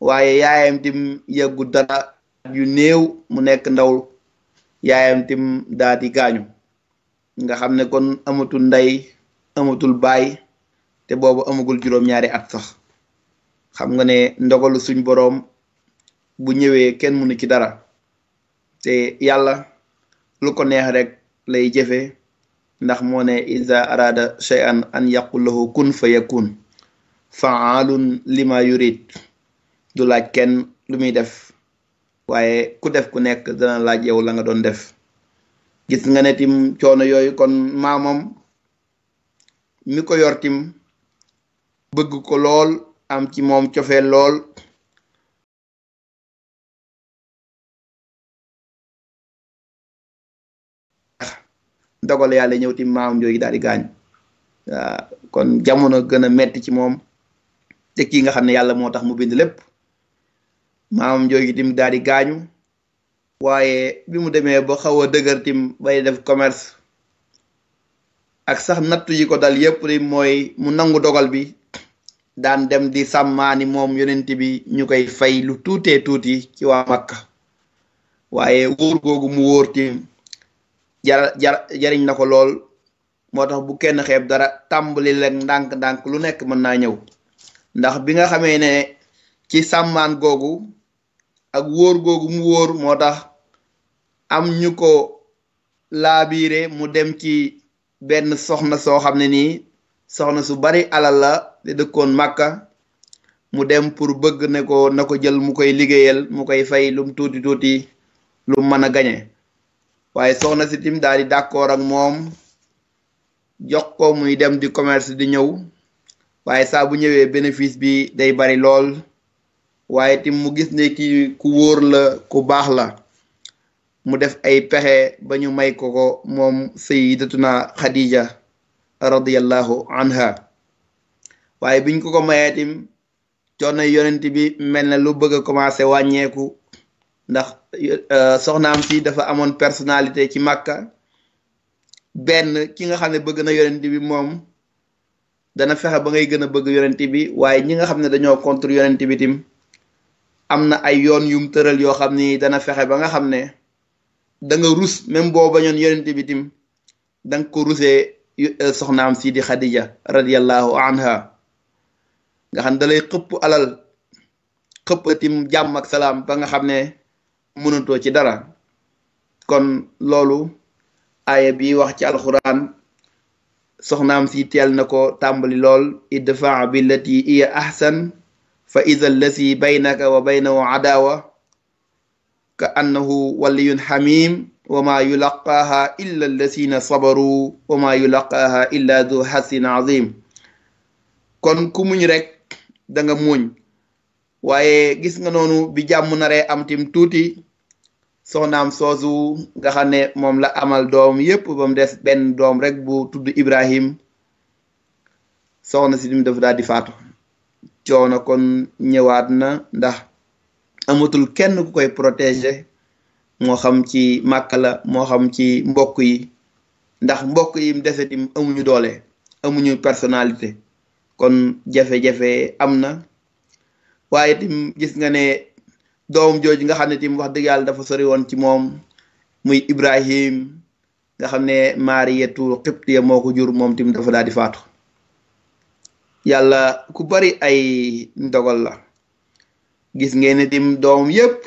waaye yaayam tim yeggu dara yu néew mu nekk ndaw yaayam tim daa di nga xam ne kon amatul ndey amatul baay te boobu amagul juróom-ñaari at sax xam nga ne ndogalu suñ boroom bu ñëwee kenn mënu ci dara te yàlla lu ko neex rek lay jëfe ndax moo ne iza arada shay'an an yaqul lahu kun fa yakun faalun lima yurid du laaj kenn lu muy def waaye ku def ku nekk dana laaj yow la nga doon def gis nga ne tim coono yooyu kon maamam mi ko yor bëgg ko lool am ci moom cofee lool dogal yàlla ñëw tim maamam jooju daal di gaañ kon jamono gën a metti ci moom te kii nga xam ne yàlla moo tax mu bind lépp maamam jooju tim daal di gaañu waaye bi mu demee ba xaw a dëgër bay def commerce ak sax nattu yi ko dal yépp ri mooy mu nangu dogal bi daan dem di sàmmaani moom yonent bi ñu koy fay lu tuutee tuuti ci waa Makka waaye wóor googu mu wóorti jar jar jariñ na ko lool moo tax bu kenn xeeb dara tàmbali leen ndànk-ndànk lu nekk mën naa ñëw ndax bi nga xamee ne ci sàmmaan googu ak wóor googu mu wóor moo tax am ñu ko laabiire mu dem ci benn soxna soo xam ne nii soxna su bari alal la di dëkkoon màkka mu dem pour bëgg ne ko na ko jël mu koy liggéeyal mu koy fay lum tuuti tuuti lu mën a gañe waaye soxna si tim daal di ak moom jox ko muy dem di commerce di ñëw waaye saa bu ñëwee bénéfice bi day bari lool waaye tim mu gis ne kii ku wóor la ku baax la mu def ay pexe ba ñu may ko ko moom na xadija radiyallahu anha waaye biñ ko ko mayee tim coono yonent bi mel na lu bëgg a commencé wàññeeku ndax euh, soxnaam si dafa amoon personnalité ci màkka benn ki nga xam ne bëgg na yonent bi moom dana fexe ba ngay gën a bëgg yonent bi waaye ñi nga xam ne dañoo contre yonent bi tim am na ay yoon yum tëral yoo xam ni dana fexe ba nga xam ne danga rus même boo bañoon yonent bi tim da nga ko rusee euh, soxnaam si di Xadija radiallahu anha nga xam da lay xëpp alal xëppatim jàmm ak salaam ba nga xam ne mënatoo ci dara kon loolu aaya bi wax ci alxuraan soxnaam si teel na ko tàmbali lool idfaa billati iya ahsan fa ida allazi baynaka wa baynahu adawa ka annahu waliyun xamim wa ma yulaqaaha illa allazina sabaru wa ma yulaqaaha illa du xasin azim kon ku muñ rek da muñ waaye gis nga noonu bi jàmm naree am tim tuuti soxnaam soosu nga xam ne moom la amal doom yépp ba mu des benn doom rek bu tudd Ibrahim soxna si dim dafa daal coono kon ñëwaat na ndax amatul kenn ku koy protéger moo xam ci màkka moo xam ci mbokk yi ndax mbokk yi mu dese di amuñu doole amuñu personnalité kon jafe-jafe am na waaye tim gis nga ne doom jooju nga xam ne tim wax dëgg yàlla dafa sori woon ci moom muy Ibrahim nga xam ne Maariyatu Xibtiya moo ko jur moom tim dafa daal di faatu yàlla ku bari ay ndogal la gis ngeen ne tim doom yépp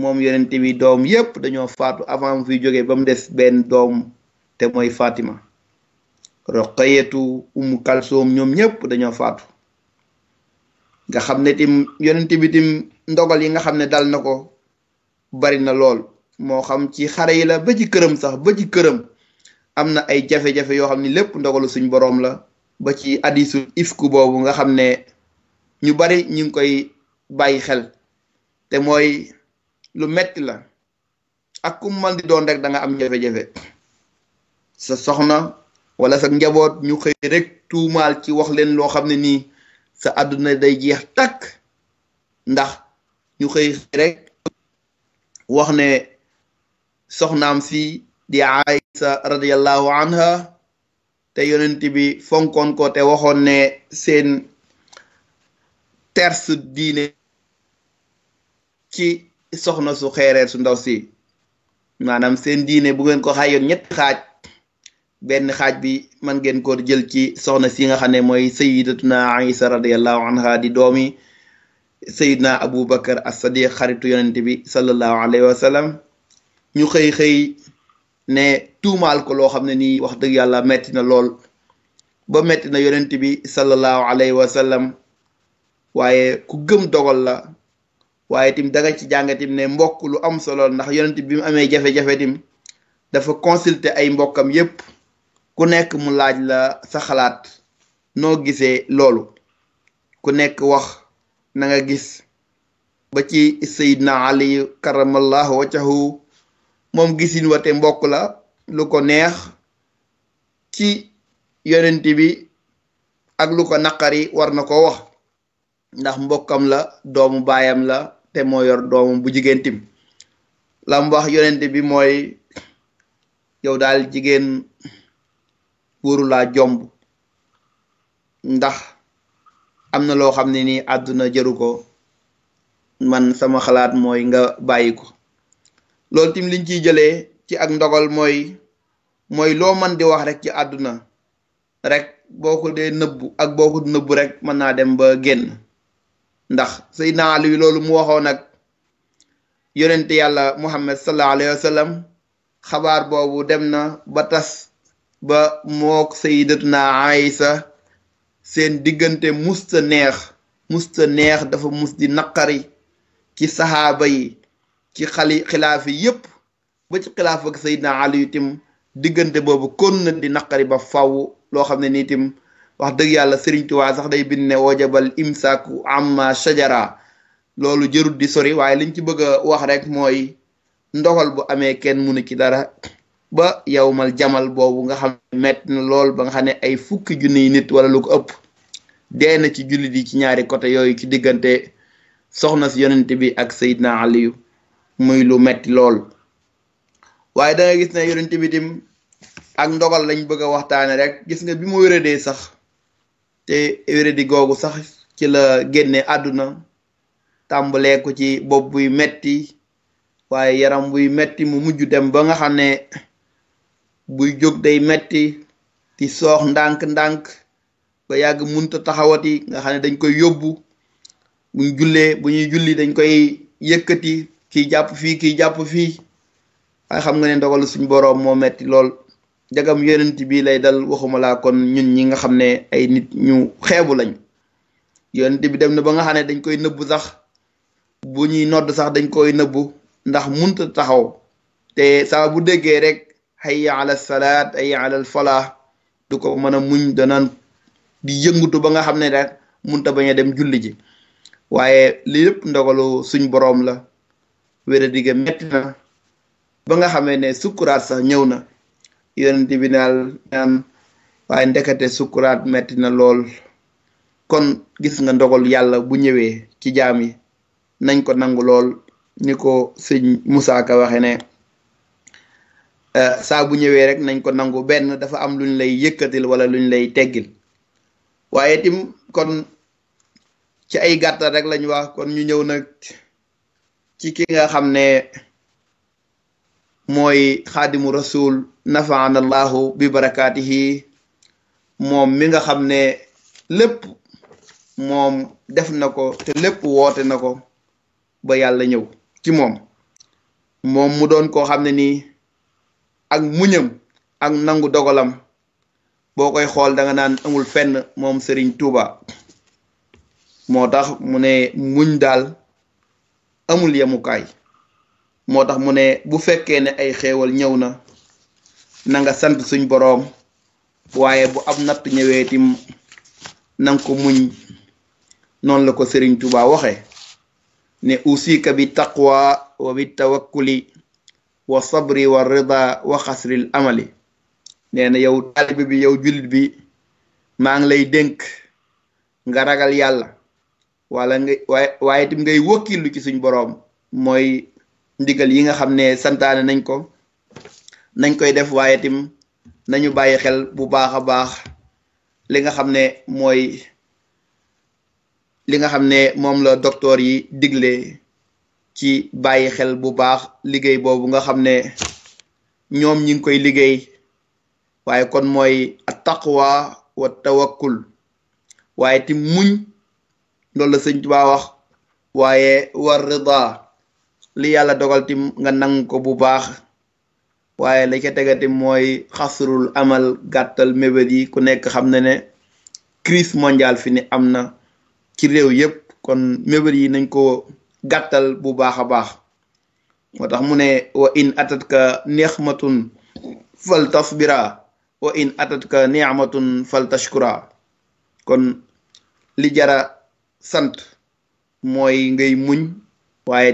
moom yonent bi doom yépp dañoo faatu avant mu fi jóge ba mu des benn doom te mooy faatima Roqayatu Umu Kalsoom ñoom ñépp dañoo faatu nga xam ne tim yonent bi ndogal yi nga xam ne dal na ko bari na lool moo xam ci xare yi la ba ci këram sax ba ci këram am na ay jafe-jafe yoo xam ne lépp ndogalu suñ boroom la ba ci hadisu ifku boobu nga xam ne ñu bari ñu ngi koy bàyyi xel te mooy lu metti la ak ku man doon rek danga am jafe-jafe sa soxna wala sa njaboot ñu xëy rek tuumaal ci wax leen loo xam ne nii sa àdduna day jeex takk ndax ñu xëy rek wax ne soxnaam si di Aïsa radiyallahu anha te yonent bi fonkoon ko te waxoon ne seen ters diine ci soxna su xeereer su ndaw si maanaam seen diine bu ngeen ko xaayoon ñetti xaaj benn xaaj bi man ngeen ko jël ci soxna si nga xam ne mooy sayidatuna isa radiallahu anha di doomi sayidna abubakar as sadiq xaritu yonent bi sallallahu alayhi wa ñu xëy xëy ne tuumaal ko loo xam ne nii wax dëgg yàlla metti na lool ba metti na yonent bi sallallahu alayhi wa sallam waaye ku gëm dogal la waaye tim da ci jàngatim ne mbokk lu am solo ndax yonent bi mu amee jafe-jafe tim dafa consulter ay mbokkam yépp ku nekk mu laaj la sa xalaat noo gisee loolu ku nekk wax na gis ba ci sayidna ali karamallahu wajhahu moom gisin wate mbokk la lu ko neex ci yonent bi ak lu ko naqari war na ko wax ndax mbokkam la doomu baayam la te moo yor doomu bu jigéen la lam wax bi mooy yow daal jigéen wóoru laa jomb ndax am na loo xam ne nii àdduna jëru ko man sama xalaat mooy nga bàyyi ko loolu tim liñ ciy jëlee ci ak ndogal mooy mooy loo man di wax rek ci àdduna rek boo ko dee nëbbu ak boo ko nëbbu rekk mën naa dem ba génn ndax Seydina Ali loolu mu waxoon nag yonente yàlla Muhammad sallallahu alayhi wa sallam xabaar boobu dem na ba tas ba mook Sayyidatuna Aïsa seen diggante musta neex musta neex dafa mus di naqari ci saxaaba yi ci xali xilaafa yépp ba ci xilaafa ak Seydina Ali itam diggante boobu kon na di naqari ba faw loo xam ne nii tim wax dëgg yàlla Sëriñ sax day bind ne wajabal imsaaku am shajara loolu jërut di sori waaye liñ ci bëgg wax rek mooy ndogal bu amee kenn mënu ci dara ba yawmal jamal boobu nga xam mett na lool ba nga xam ne ay fukki junniy nit wala lu ko ëpp dee na ci jullit yi ci ñaari côté yooyu ci diggante soxna si yonent bi ak Seydina Aliyu muy lu metti lool waaye da gis ne yonent bi tim ak ndogal lañ bëgg a waxtaane rek gis nga bi mu wéradee sax te wéradi googu sax ci la génne àdduna tàmbalee ko ci bopp buy metti waaye yaram buy metti mu mujj dem ba nga xam ne buy jóg day metti di soox ndànk-ndànk ba yàgg munta taxawati nga xam ne dañ koy yóbbu buñ jullee bu ñuy julli dañ koy yëkkati kii jàpp fii kii jàpp fii xam nga ne ndogalu suñ boroom moo metti lool jagam yonent bi lay dal waxuma laa kon ñun ñi nga xam ne ay nit ñu xeebu lañ yonent bi dem na ba nga xam ne dañ koy nëbbu sax bu ñuy nodd sax dañ koy nëbbu ndax munta taxaw te saa bu déggee rek hayya ala salaat hayya ala falaa du ko mën a muñ danaan di yëngutu ba nga xam ne rek munta bañ a dem julli ji waaye li lépp ndogalu suñ boroom la wéradi ga metti na ba nga xamee ne sukkuraat sax ñëw na yoon bi daal naan waaye ndekete sukkuraat metti na lool kon gis nga ndogal yàlla bu ñëwee ci jaam yi nañ ko nangu lool ni ko sëñ Moussa Ka waxe ne euh, saa bu ñëwee rek nañ ko nangu benn dafa am luñ lay yëkkatil wala luñ lay teggil waaye tim kon ci ay gàttal rek lañ wax kon ñu ñëw nag ci ki nga xam ne mooy xaadimu rasul nafaana allahu bi barakaatihi moom mi nga xam ne lépp moom def na ko te lépp woote na ko ba yàlla ñëw ci moom moom mu doon koo xam ne nii ak muñam ak nangu dogalam boo koy xool danga naan amul fenn moom Serigne Touba moo tax mu ne muñ daal amul yemukaay moo tax mu ne bu fekkee ne ay xewal ñëw na na sant suñ boroom waaye bu ab natt ñëwee tim ko muñ noonu la ko sëriñ Tuubaa waxe ne usika bi taqwa wa bi tawakkuli wa sabri wa rida wa xasril amali nee na yow taalibe bi yow jullit bi maa ngi lay dénk nga ragal yàlla wala nga waaye waaye itam ngay wëkkilu ci suñ boroom mooy ndigal yi nga xam ne santaane nañ ko nañ koy def waaye itam nañu bàyyi xel bu baax a baax li nga xam ne mooy li nga xam ne moom la docteur yi digle ci bàyyi xel bu baax liggéey boobu nga xam ne ñoom ñi ngi koy liggéey waaye kon mooy at taqwa wa tawakkul waaye itam muñ loolu la sëñ Tuubaa wax waaye war rida li yàlla dogal tim nga nang ko bu baax waaye la ca tegati mooy xasrul amal gàttal mébét yi ku nekk xam ne ne crise mondiale fi ni am na ci réew yépp kon mébét yi nañ ko gàttal bu baax a baax moo tax mu ne wa in atatka nexmatun fal tasbira wa in atatka niamatun fal tashkura kon li jara sant mooy ngay muñ waaye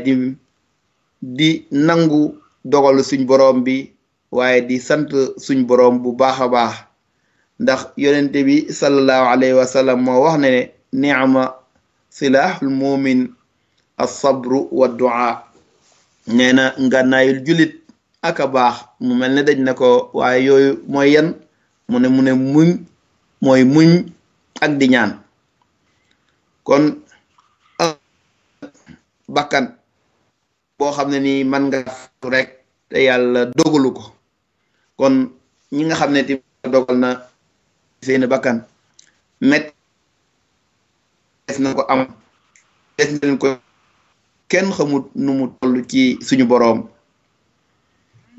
di nangu dogalu suñ boroom bi waaye di sant suñ boroom bu baax a baax ndax yonente bi sallallahu alayhi wa moo wax ne niama silahul mumin as-sabru wa duaa nee na ngànnaayul julit ak a baax mu mel ne daj na ko waaye yoyu mooy yan mu ne mu ne muñ mooy muñ ak di ñaan kon bakkan boo xam ne nii man nga rek te yàlla dogalu ko kon ñi nga xam ne ti dogal na seeni bakkan met des na ko am des ko kenn xamut nu mu toll ci suñu boroom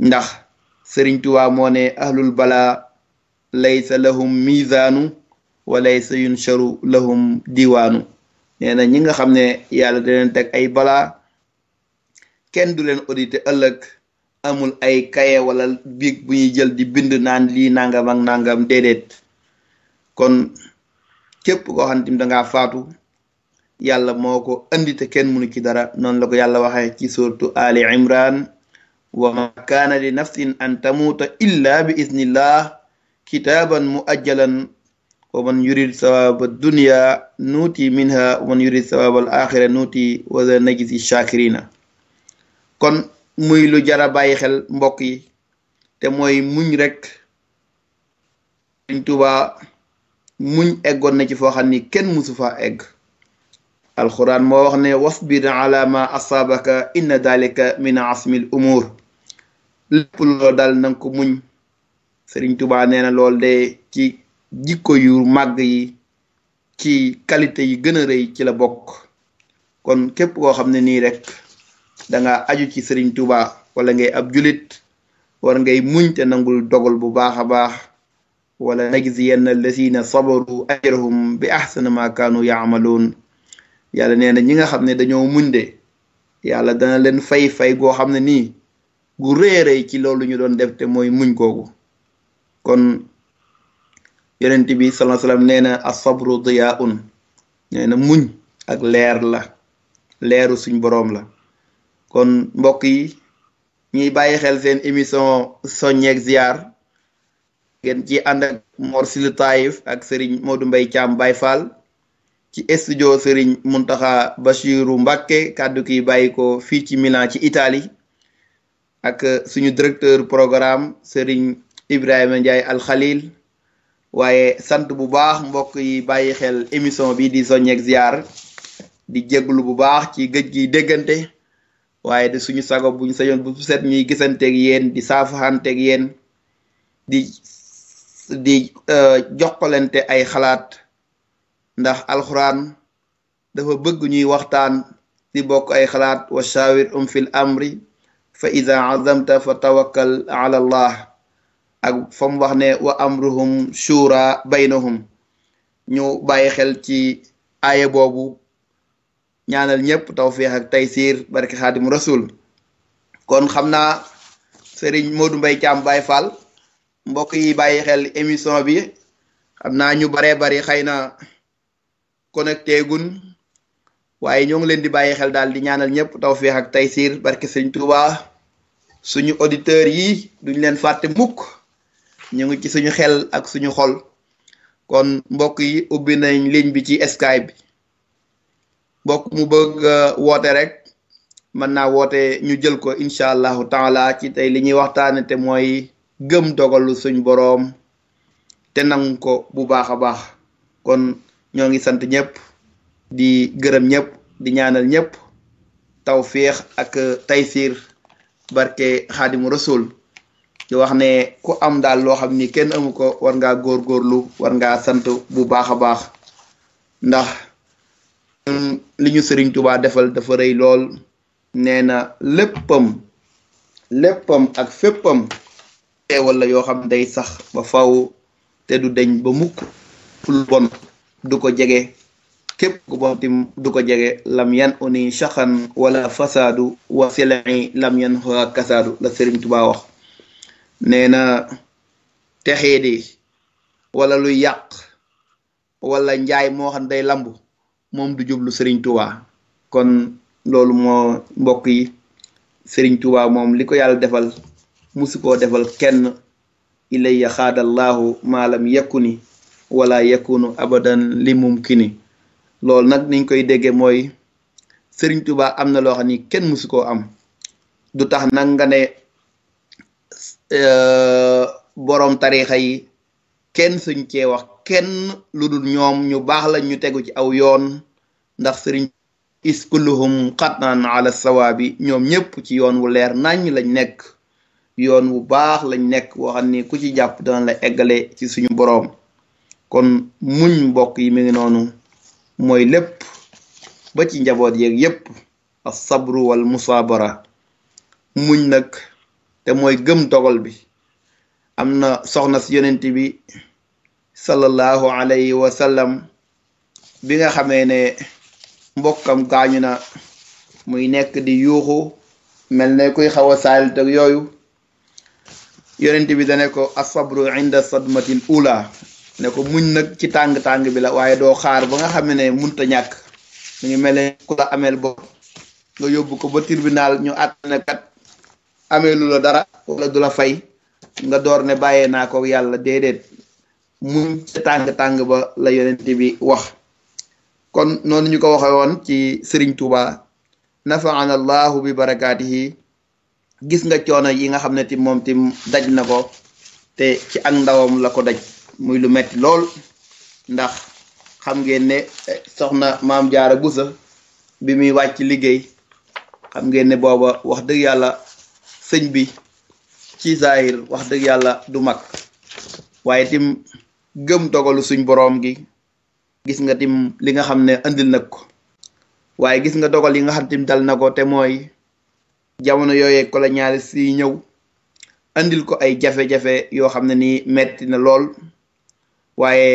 ndax Sëriñ Tuubaa moo ne ahlul balaa laysa lahum mizaanu wa laysa yunsharu lahum diwaanu nee na ñi nga xam ne yàlla da leen teg ay balaa kenn du leen audité ëllëg amul ay kaye wala biig bu ñuy jël di bind naan lii nangam ak nangam déedéet kon képp koo xam ne da faatu yàlla moo ko andi te kenn mënu ci dara noonu la ko yàlla waxee ci surtu ali imran wa ma kaana li nafsin an tamuuta illa bi idnillah kitaaban muajjalan wa man yurid sawaaba dunya nuuti minha wa yurid sawaaba al axira nuuti wa za najzi shakirina kon muy lu jara bàyyi xel mbokk yi te mooy muñ rek Sëriñ Tuubaa muñ eggoon na ci foo ni kenn musu fa egg alxuraan moo wax ne wasbir ala ma asaabaka inna dalika min asmil umur lépp loo dal ko muñ Sëriñ Tuubaa nee lool de ci jikko yu màgg yi ci qualité yi gën a rëy ci la bokk kon képp koo xam ne nii rek danga aju ci sëriñ Touba wala ngay ab julit war ngay muñ te nangul dogal bu baax a baax wala yenn najziyanna allazina sabaru ajrahum bi ahsana ma kaanu yaamaluun yàlla nee na ñi nga xam ne dañoo muñ de yàlla dana leen fay-fay goo xam ne nii gu réerëy ci loolu ñu doon def te mooy muñ koogu kon yonent bi sallallahu alayhi wasallam nee na asabru diyaun na muñ ak leer la leeru suñ boroom la kon mbokk yi ñuy bàyyi xel seen émission soññeeg ziar ngeen ci ànd ak Mor Sylla Taif ak Serigne Modou Mbaye Thiam Baye Fall ci sëriñ Serigne Mountakha Bachiru Mbacké kàddu ki bàyyi fii ci Milan ci Italie ak suñu directeur programme sëriñ Ibrahima Ndiaye Al waaye sant bu baax mbokk yi bàyyi xel émission bi di soññeeg ziar di jéglu bu baax ci gëj gi déggante waaye di suñu sago buñ sañoon bu set ñuy gisanteeg yéen di saafaxanteeg yéen di di euh, jokkalante ay xalaat ndax alxuraan dafa bëgg ñuy waxtaan di bokk ay xalaat wa shaawir um fil amri fa ida azamta fa tawakkal ala allah ak fa mu wax ne wa amruhum shura baynahum ñu bàyyi xel ci aaye boobu ñaanal ñëpp tawfiix ak taysiir barke xaadim rasul kon xam naa sëriñ Modou Mbaye Thiam Baye Fall mbokk yi bàyyi xel émission bi xam naa ñu baree bari xëy na connecté gun waaye ñoo ngi leen di bàyyi xel daal di ñaanal ñëpp tawfiix ak taysiir barke sëriñ Touba suñu auditeurs yi duñ leen fàtte mukk ñu ngi ci suñu xel ak suñu xol kon mbokk yi ubbi nañ ligne bi ci Skype bi mbokk mu bëgg euh, woote rek mën naa woote ñu jël ko incha allahu taala ci tey li ñuy waxtaane te mooy gëm dogalu suñ boroom te nangu ko bu baax a baax kon ñoo ngi sant ñëpp di gërëm ñëpp di ñaanal ñëpp tawfiix ak euh, taysiir barke xaadimu rasul di wax ne ku am daal loo xam ni kenn amu ko war ngaa góorgóorlu war ngaa sant bu baax a baax ndax li ñu sëriñ Tuubaa defal dafa rëy lool nee na léppam léppam ak féppam walla yoo xam day sax ba faw te du deñ ba mukk lu bon du ko jege képp ku bon tim du ko jege lam yan uni shaxan wala fasaadu wa silai lam yan xora kasaadu la sëriñ Tuubaa wax nee na texee di wala luy yàq wala njaay moo xam day lambu moom du jublu Serigne Touba kon loolu moo mbokk yi Serigne Touba moom li ko yàlla defal musu koo defal kenn ilayya xaadallaahu maalam yakuni wala yakunu abadan li mumkini loolu nag niñ koy dégge mooy Serigne Touba am na loo xam ni kenn musu koo am du tax nag Euh, boroom tariixa yi kenn suñ cee wax kenn lu dul ñoom ñu baax lañ ñu tegu ci aw yoon ndax sëriñ is kulluhum xatnaan ala sawaabi ñoom ñépp ci yoon wu leer nàññ lañ nekk yoon wu baax lañ nekk woo xam ni ku ci jàpp dana la eggale ci suñu boroom kon muñ mbokk yi mi ngi noonu mooy lépp ba ci njaboot yeeg yépp a sabruwal wal musaabara muñ nag te mooy gëm dogal bi am na soxna si bi sallallahu alayhi wa sallam bi nga xamee ne mbokkam gaañu na muy nekk di yuuxu mel ne kuy xaw a saalit yooyu yonent bi dane ko asabru inda sadmatil ula ne ko muñ nag ci tàng-tàng bi la waaye doo xaar ba nga xam ne munta ñàkk mu ngi mel ne ku la ameel bopp nga yóbbu ko ba tribunal ñu àtt kat amee lu la dara wala du la fay nga door ne bàyyee naa kook yàlla déedéet muñ sa tàng-tàng ba la yonent bi wax kon noonu ñu ko waxe woon ci Sëriñ Tuuba nafaana allahu bi barakaatihi gis nga coono yi nga xam ne ti moom tim daj na ko te ci ak ndawam la ko daj muy lu metti lool ndax xam ngeen ne eh, soxna maam jaara busa bi muy wàcc liggéey xam ngeen ne booba wax dëgg yàlla sëñ bi ci zahir wax dëgg yàlla du mag waaye tim gëm dogalu suñ boroom gi gis nga tim li nga xam ne indil nag ko waaye gis nga dogal yi nga xam tim dal na ko te mooy jamono yooyee colonialiste si ñëw indil ko ay jafe-jafe yoo xam ne nii metti na lool waaye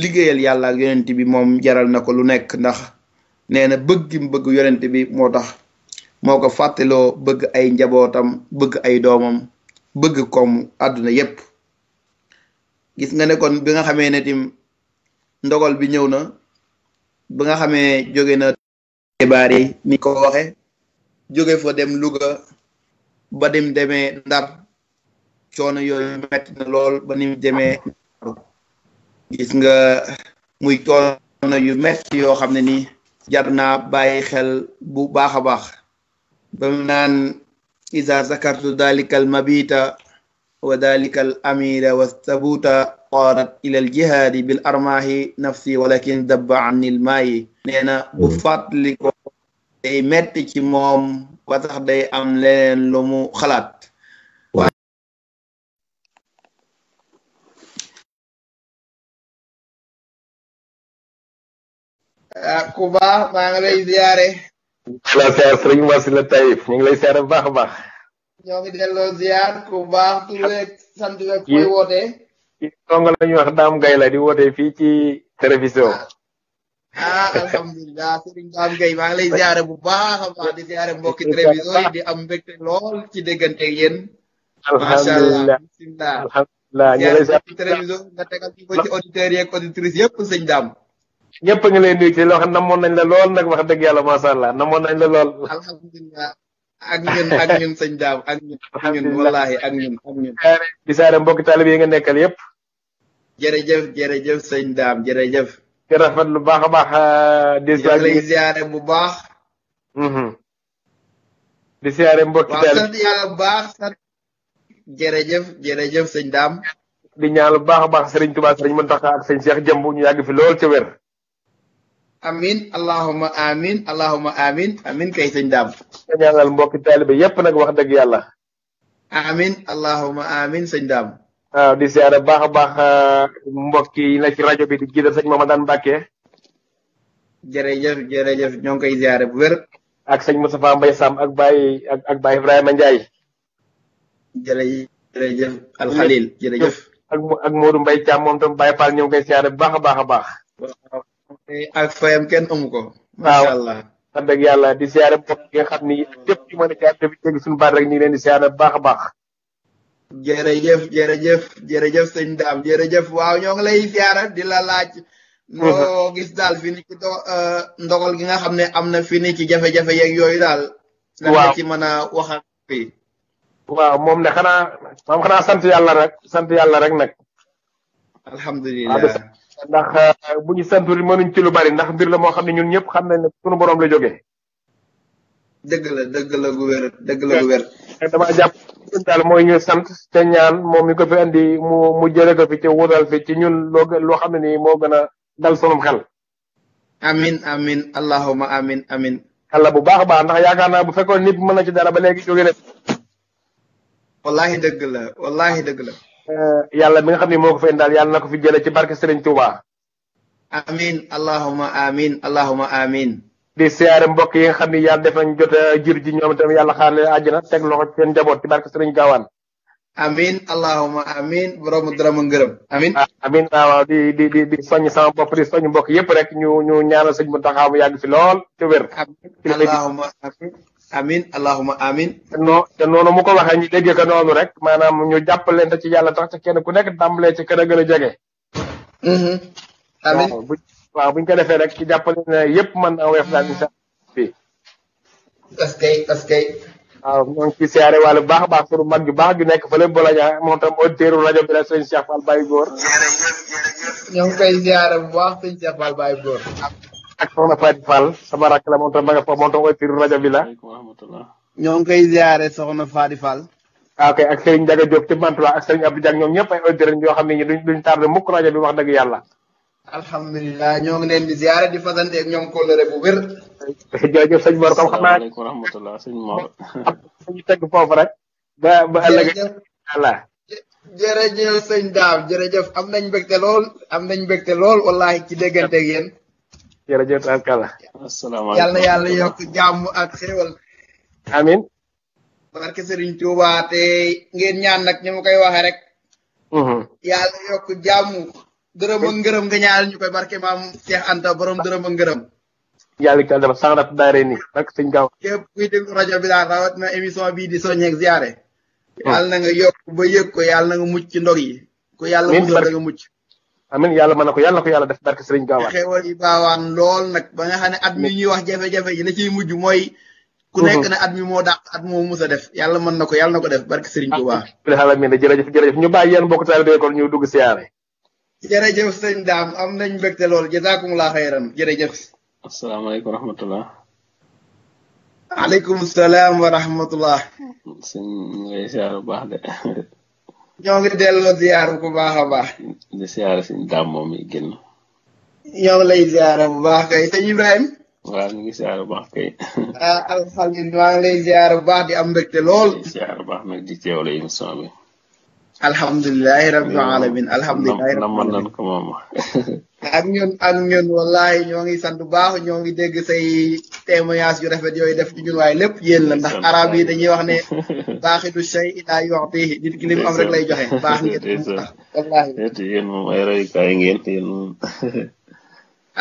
liggéeyal yàlla ak yonent bi moom jaral na ko lu nekk ndax nee na bëgg mu bëgg yonent bi moo tax moo ko fàttaloo bëgg ay njabootam bëgg ay doomam bëgg kom àdduna yépp gis nga ne kon bi nga xamee ne tim ndogal bi ñëw na ba nga xamee jóge na xibaar yi ni ko waxe jóge fa dem Louga ba nim demee Ndar coono yooyu metti na lool ba nim demee gis nga muy coono yu metti yoo xam ne ni jar naa bàyyi xel bu baax a baax ba mu naan isa zakartu dalika al mabita wa dalika amira wa thabuta qarat ila al jihaadi armaahi nafsi walakin dabba anni al maayi bu mm-hmm. fàttali ko metti ci moom ba tax am leneen lu xalaat ah, ku salaamaaleykum sëriñ Masila Taïf ñu ngi lay seere bu baax a baax. ñoo ngi delloo ziar ku baax tur beeg sant beeg koy wax Dame Gueye la di wootee fii ci télévision. ah alhamdulilah sëriñ Dame Gueye maa ngi lay ziare bu baax a di ziare mbokki télévision yi di am mbégte lool ci déggante ak yéen. macha allah alhamdulilah alhamdulilah ñu ngi lay ziare ci télévision nga tegal ci auditeurs yi ak auditrices yëpp sëñ Dame. ñëpp nga lay nuyu ci loo xam namoon nañ la lool nag wax dëgg yàlla macha allah namoon nañ la lool. alhamdulilah ak ñun ak daam ak ñun. ak ñun wallaahi ak ñun di saare mbokki taalib yi nga nekkal yëpp. jërëjëf jërëjëf sëñ daam jërëjëf. di rafet lu baax a baax. Euh, di lay bu baax. Mhm. di ziare mbokki taalib waaw sant yàlla baax sant. jërëjëf jërëjëf sëñ daam. di ñaan lu baax a baax Serigne Touba Serigne Mountakha ak sëñ Cheikh Jëmb ñu yàgg fi lool ca amin allahuma amin allahuma amin amin kay sëñ daam nga ñaanal mbokki taalibe yépp nag wax dëgg yàlla amin allahuma amin sëñ daam waaw di siyaare baax a baax euh, mbokk yi na ci rajo bi di jiital sëñ Mamadou Mbacke jërëjëf jërëjëf ñoo ngi koy siyaare bu wér ak sëñ Moustapha Mbaye Sam ak Baye ak Baye Ibrahima Ndiaye jërëjëf jërëjëf alxalil jërëjëf ak ak Modou Mbaye Thiam moom tam Baye Fall ñoo ngi koy siyaare bu baax a baax a baax ak fayam kenn amu ko. waaw macha allah. wax dëgg yàlla di ziare mbokk yi nga xam ni yëpp ñu mën a jaar tamit dégg suñu baat rek ñu ngi leen di ziare baax a baax. jërëjëf jërëjëf jërëjëf sëñ daam jërëjëf waaw ñoo ngi lay ziara di la laaj. <laughs> noo gis daal fi ni ci uh, gi nga xam ne am na fi ni ci jafe-jafe yeeg yooyu daal. waaw lan nga ci mën wax moom ne xanaa moom xanaa sant yàlla rek sant yàlla rek nag. alhamdulilah ndax euh, bu ñu santul mënuñ ci lu bari ndax mbir la moo xam ne ñun ñëpp xam nañ ne sunu borom la jógee. dëgg la dëgg la gu wér dëgg la gu wér. mooy ñu sant te ñaan moom mi ko fi andi mu mu jëlee ko fi ci wutal fi ci ñun loo xam ne nii moo gën a dal sunum xel. amin amin allahuma amin amin. xala bu baax a baax ndax yaakaar naa bu fekkoon nit mën na ci dara ba léegi jóge na. wallahi dëgg la wallahi dëgg la. Eh, yàlla mi nga xam ne moo ko fay daal yàlla na ko fi jële ci barke Serigne Touba. amin allahuma amin allahuma amin di siyaare mbokk yi xam ne yàlla def nañ jot eh, jir ji ñoom itam yàlla xaar leen àjjana teg loxo seen njaboot ci barke Serigne Gawane. amin allahuma amin borom dërëm ngërëm amin ah, amin waaw di di di di soññ sama bopp di soññ mbokk yëpp rek ñu ñu ñaanal sëñ mu taxaw mu yàgg fi lool te wér. amin amin amin allahuma amin non te noonu mu ko waxee ñi dégg ko noonu rek maanaam ñu jàppalante ci yàlla tax ci kenn ku nekk tàmbalee ci kër a gën a jege. Mm-hmm. amin bu ñu ko defee rek ci jàppale ne yëpp mën naa weef daal incha allah fii. askay askay. waaw ñoo ngi ciy siyaare wàllu baax a baax sunu mag yu baax ju nekk fële Bolaña moom tam auditeur rajo bi la sëñ Cheikh Fall Baye Góor. ñoo ngi koy siyaare bu baax sëñ Cheikh Fall baay Góor. ak soxna Faty Fall sama rakk la moom tam nga fa moom tam wasiru rajo bi la ñoo koy ziare soxna Faty Fall ah ok ak Serigne Ndiaga Diop ci Mantua ak Serigne Abdou ñoom ñëpp ay auditeurs yoo xam ne ñi duñ duñ tardé mukk bi wax dëgg yàlla alhamdulilah ñoo ngi leen di ziare di fasante ak ñoom kóllëre bu wér <laughs> jërëjëf sëñ Mor comme xam naa aleykum rahmatulah sëñ Mor suñu <laughs> teg foofu rek ba ba ëllëg allah jërëjëf sëñ Daam jërëjëf am nañ mbégte lool am nañ mbégte lool wallahi ci déggante ak jërëjëf Tarkala. asalaamaaleykum yal na yàlla yokk jàmm ak xéewal. amin barke Serigne Touba te ngeen ñaan nag ni ma koy waxee rek. Mm-hmm. yàlla yokk jàmm. dërëm ak ngërëm nga ñaanal ñu koy barke maam Cheikh Anta borom dërëm ak ngërëm. yàlla itam dafa sànq dafa daaree nii barke sëñ Gaw. rajo bi daal rawatina émission bii di soññeeg ziare. Mm. yàlla na nga yokk ba yëg ko yàlla nga mucc ci ndog yi. ko yàlla nga mucc. amin yàlla mën na ko yàlla ko yàlla def barke sëriñ gaawaan xewal yi baawaan lool nag ba nga xam ne at mi ñuy wax jafe-jafe yi la ciy mujj mooy ku nekk mhm. ne at mi moo dàq at moo mus def yàlla mën na ko yàlla na ko def barke sëriñ Tuubaa alamin jërëjëf jërëjëf ñu bàyyi yéen mbokk taalibe kon ñu dugg siyaare jërëjëf sëñ daam am nañ mbégte lool jazaakumullaa xayran jërëjëf asalaamaaleykum wa rahmatullah aleykum salaam wa rahmatullah sëñ ngay siyaar bu baax <laughs> ñoo ngi delloo ziar bu baax a baax. di ziar suñu daam moom yi génn. ñoo lay ziar bu baax kay sëñ Ibrahima. waaw ñu ngi ziar bu baax kay. ah alhamdulilah maa lay ziar bu baax di am mbégte lool. di a baax nag di teewlu émission bi. alhamdulilahi rabbil alamin alhamdulilahi rabbil alamin ak ñun wallahi ñoo ngi sant bu baax ñoo ngi dégg say témoignage yu rafet yooyu def ci ñun waaye lépp yéen la ndax arab yi dañuy wax ne <laughs> baaxidu i ilaa yuxtihi nit ki lim am rek lay joxe baax ngeen wallahi yéen moom ay royukaay ngeen yéen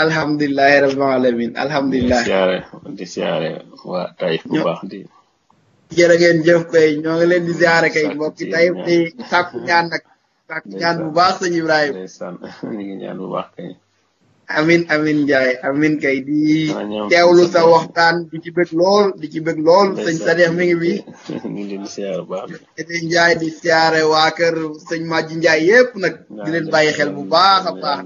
alhamdulilahi rabbil alamin alhamdulilah di siyaare di baax di jërë ngeen jëf kay ñoo ngi leen di ziare kay mbokki tey di sàkku ñaan nag bu baax sëñ Ibrahima <laughs> ñu ngi ñaan bu baax amin amin Njaay amin kay di teewlu sa waxtaan di ci bëgg lool di ci bëgg lool sëñ Sadex mi ngi fi <laughs> ñu leen di siyaare di siyaare waa kër sëñ Maji Njaay yëpp nag di leen bàyyi xel bu baax a baax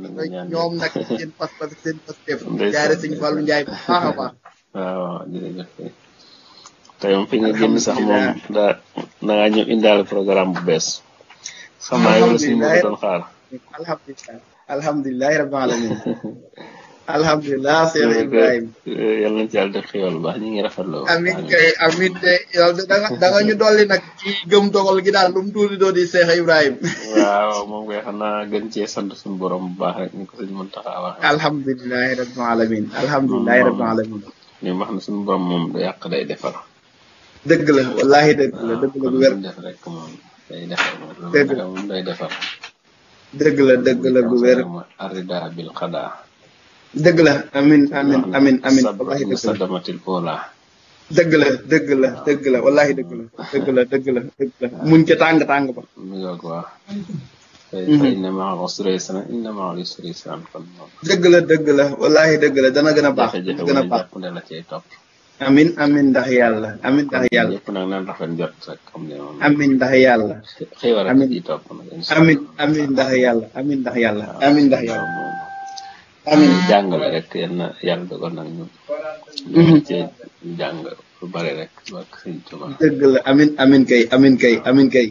ñoom nag seen pas-pas <laughs> seen pas-pas jaare sëñ Njaay bu baax a baax te yow fi sax moom da da ngaa ñëw indaale programme bu bees. xam naa yow la suñu mën a doon xaar. alhamdulilah alhamdulilah rabbil <laughs> ci yàlla def xéwal ñu ngi rafetlu. amiin kay amiin de yow de nag ci gi daal lu mu tuuti di Cheikh Ibrahima. waaw moom kay xanaa gën cee sant suñu borom bu baax rek ñu ko suñu alamin alhamdulilah rabbil na suñu borom moom du yàq day defar. dëgg la wallaahi dëgg la dëgg la bu weer def rek moom day defar dëgg la dëgg la bu arida bil qada dëgg la amin amin amin amin wallaahi dëgg la dëgg la dëgg la dëgg la wallaahi dëgg la dëgg la dëgg la dëgg muñ ca tàng tàng ba inna ma'al usri yusra inna dëgg la dëgg la wallaahi dëgg la dana gën a baax dana gën a baax amin amin ndax yàlla amin ndax yàlla ñëpp nag naan rafet njot rek comme ni amin ndax yàlla xëywal amin yi topp nag amin amin ndax yàlla amin ndax yàlla amin ndax yàlla amin jàngale rek yal na yàlla dogal nag ñu mhm. cee jàng lu bare rek ak sëñ Tuba dëgg la amin amin kay amin kay amin kay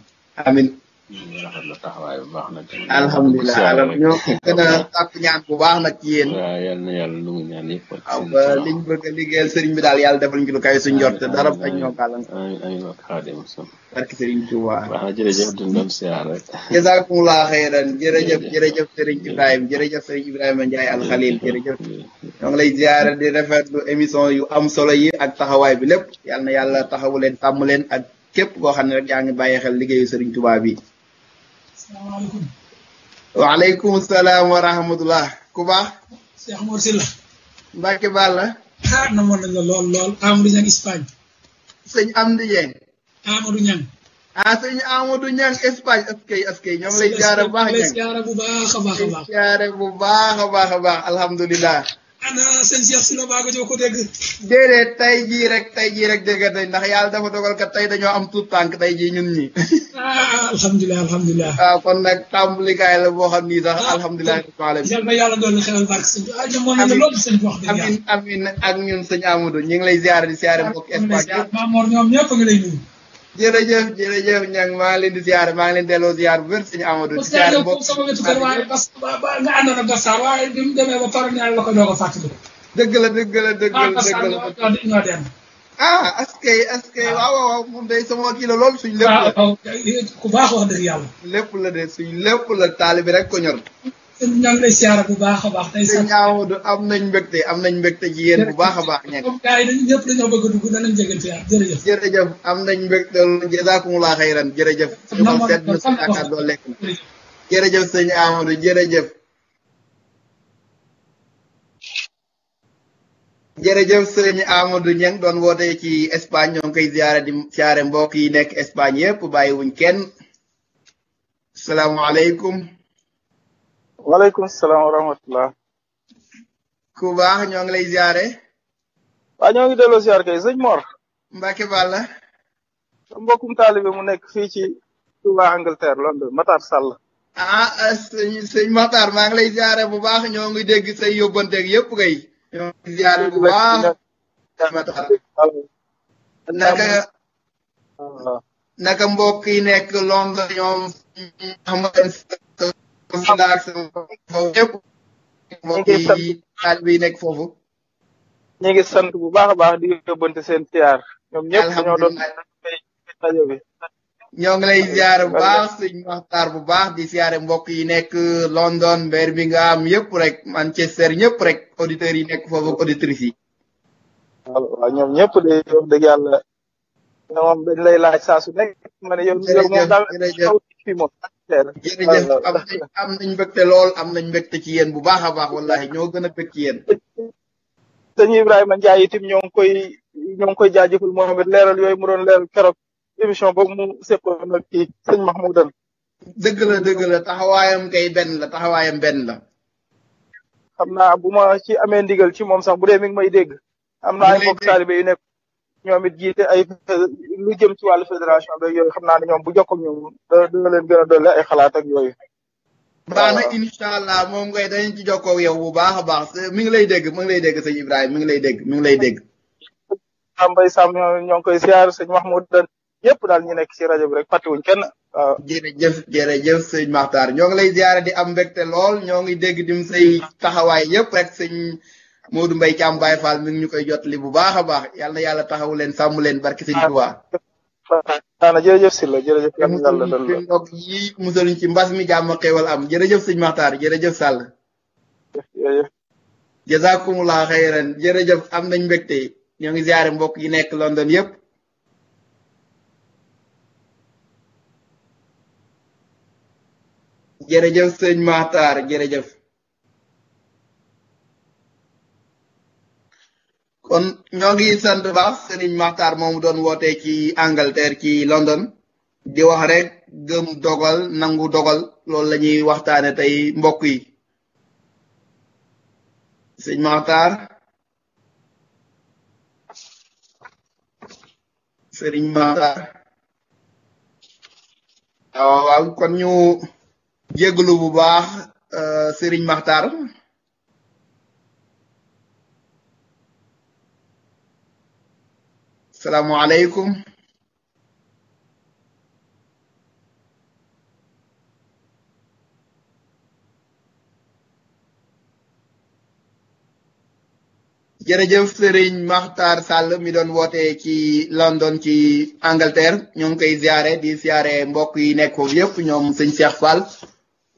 amin rafet la taxawaay bu baax nag. alhamdulilah alhamdulilah ñoo ñaan bu baax nag ci yéen. waaw liñ bëgg a liggéeyal sëriñ bi daal yàlla defal ñu lu kay suñ njort dara bañ ñoo gàllankoor. amiin amiin wax xaadim sam. barke sëriñ Touba. jërëjëf dund jërëjëf jërëjëf sëriñ Ibrahima jërëjëf sëriñ Ibrahima Ndiaye Al Khalil jërëjëf. ñoo lay ziyaara di rafetlu émission yu am solo yi ak taxawaay bi lépp yal na yàlla taxawu leen tàmm leen ak képp koo xam ne rek yaa ngi bàyyi liggéeyu sëriñ Touba bi salaamaaleykum. waaleykum salaam wa rahmatullah. ku baax. Cheikh Mor Sylla. Mbacke Balla. ah namoon nañ la lool lool Amadou Niang Espagne. sëñ Amady Dieng. Amadou Niang. ah sëñ Amadou Niang Espagne askay askay ñoom lay. jaara bu baax a baax bu baax a baax. lay baax a baax a baax alhamdulilah. ana sëñ Cheikh Sylla Ba nga ko dégg. déedéet tey jii rek tey jii rek dégg nañ ndax yàlla dafa dogal kat tey dañoo am tuut tànk tey jii ñun ñi ah alhamdulilah alhamdulilah. waaw ah, kon nag tàmbalikaay la boo xam nii sax ah, alhamdulilah. yal na yàlla doon na xelal barke sëñ bi ah jamono la loolu sëñ bi wax dëgg yàlla. amiin amiin ak ñun sëñ Amadou ñu ngi lay ziare di ziare mbokk espagnol. ñoom ñëpp jërëjëf jërëjëf Niang maa ngi leen di ziar maa ngi leen delloo ziar bu wér sëñ Amadou. di ziar bokk sama wetu kër waaye parce que nga àndoon la ko ñoo ko fàttali ko. dëgg la dëgg la dëgg la ah, dëgg la ñoo dem. ah askay askay ah. waaw waaw moom day sama kii lool suñ lépp la. Ah, ku baax wax dëgg yàlla. lépp la de suñ lépp la taalibi rek ko ñor. ñoo ngi am nañ mbégte am nañ mbégte ci yéen bu baax a baax. ñeeg comme gars yi a dugg danañ jëgante ah jërëjëf. jërëjëf am nañ mbégte loolu jazakumulaa jërëjëf. su ma seet na suñu yaakaar doo jërëjëf sëñ Amadou jërëjëf. jërëjëf sëñ Amadou Niang doon woote ci Espagne ñoo ngi koy siyaare mbokk yi nekk Espagne yëpp bàyyiwuñ kenn salaamaaleykum. waaleykum salaam wa rahmatullah ku baax ñoo ngi lay ziare waa ñoo ngi delloo ziar kay sëñ Mor Mbacke Balla sa mbokkum mu nekk fii ci Touba Angleterre London Matar Sall ah sëñ sëñ maa ngi lay ziare bu baax ñoo ngi dégg say yóbbanteeg yëpp kay ñoo naka naka mbokk yi nekk London ñoom ak sa foofu ñëpp bi nekk foofu ñu ngi sant bu baax a baax di yóbbante seen siyaar ñoom ñëpp ñoo doon ñoo ngi lay ziar ba baax sëñ bu baax di siyaare mbokk yi nekk London Birmingham yëpp rek Manchester ñëpp rek auditeurs yi nekk foofu auditrices yi waaw ah, ñoom ñëpp de wax dëgg yàlla ñoom dañ lay laaj saa su nekk ma ne yow moom daal fi jërëjëf am nañ am nañ mbégte lool am nañ mbégte ci yéen bu baax a baax wallahi ñoo gën a bég ci yéen sëñ Ibrahima Ndiaye itam ñoo ngi koy ñoo ngi koy jaajëfal Mohamed leeral yooyu mu doon leeral keroog émission boobu mu séqoon ak kii sëñ Mahmoudan dëgg la dëgg la taxawaayam kay benn la taxawaayam benn la xam naa bu amee ndigal ci moom sax bu dee mi ngi may dégg yu nekk ñoom it jiite ay lu jëm si wàllu fédération beeg yooyu xam naa ne ñoom bu jokkoog ñoom dina leen a dolli ay xalaat yooyu. baax na incha moom ngay dañu ci jokkoog yow bu baax a baax mi ngi lay dégg mi ngi lay dégg sëñ Ibrahima mi ngi lay dégg mi ngi lay dégg. Mbaye Samb ñoo ngi koy ziar sëñ Mahmoud dan yëpp daal ñu nekk ci rajo bi rek fàttewuñ kenn. waaw jërëjëf jërëjëf sëñ Maxtaar ñoo ngi lay ziare di am mbégte lool ñoo ngi dégg dim say taxawaay yëpp rek sëñ. moo Mbaye Thiam Baye Fall mi ñu koy jottali bu baax a baax yal na yàlla taxawu leen sàmm leen barki sëñ Tuubaa. waaw jërëjëf Sylla jërëjëf. yàlla la mbas mi jàmm xéwal am jërëjëf sëñ Maxtaar jërëjëf Sall. jërëjëf. jazakumullah xayran jërëjëf am nañ mbégte ñoo ngi ziare mbokk yi nekk London yëpp. jërëjëf sëñ Maxtaar jërëjëf. kon ñoo ngi sant baax Serigne Maxtaar moomu doon woote ci Angleterre ci London di wax rek gëm dogal nangu dogal loolu la ñuy waxtaane tey mbokk yi sëñ Maxtaar Serigne Maxtaar ah, waaw waaw kon ñu jégalu bu baax euh, Serigne Maxtaar salaamualeykum. jërëjëf sëriñ maxtar Sall mi doon woote ci London ci Angleterre ñoo ngi koy ziare di ziare mbokk yi nekk foofu yëpp ñoom sëñ Cheikh Fall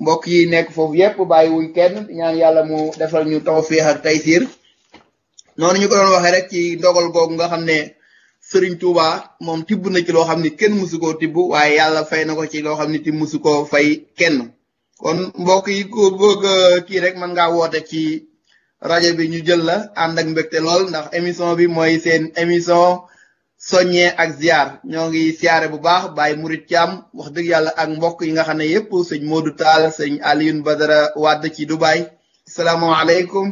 mbokk yi nekk foofu yëpp bàyyiwuñ kenn ñaan yàlla mu defal ñu tawfiix ak taysiir noonu ñu ko doon waxee rek ci ndogal googu nga xam ne Sëriñ Tuuba moom tibb na ci loo xam ni kenn mësu koo tibb waaye yàlla fay na ko ci loo xam ni ti mësu koo fay kenn kon mbokk yi ko bëgg uh, kii rek mën ngaa woote ci rajo bi ñu jël la ànd ak mbégte lool ndax émission bi mooy seen émission soññee ak ziar ñoo ngi siyaare bu baax Baye Murit Thiam wax dëgg yàlla ak mbokk yi nga xam ne yëpp sëñ Modou Tall sëñ ba dara Wade ci Dubaay salaamaaleykum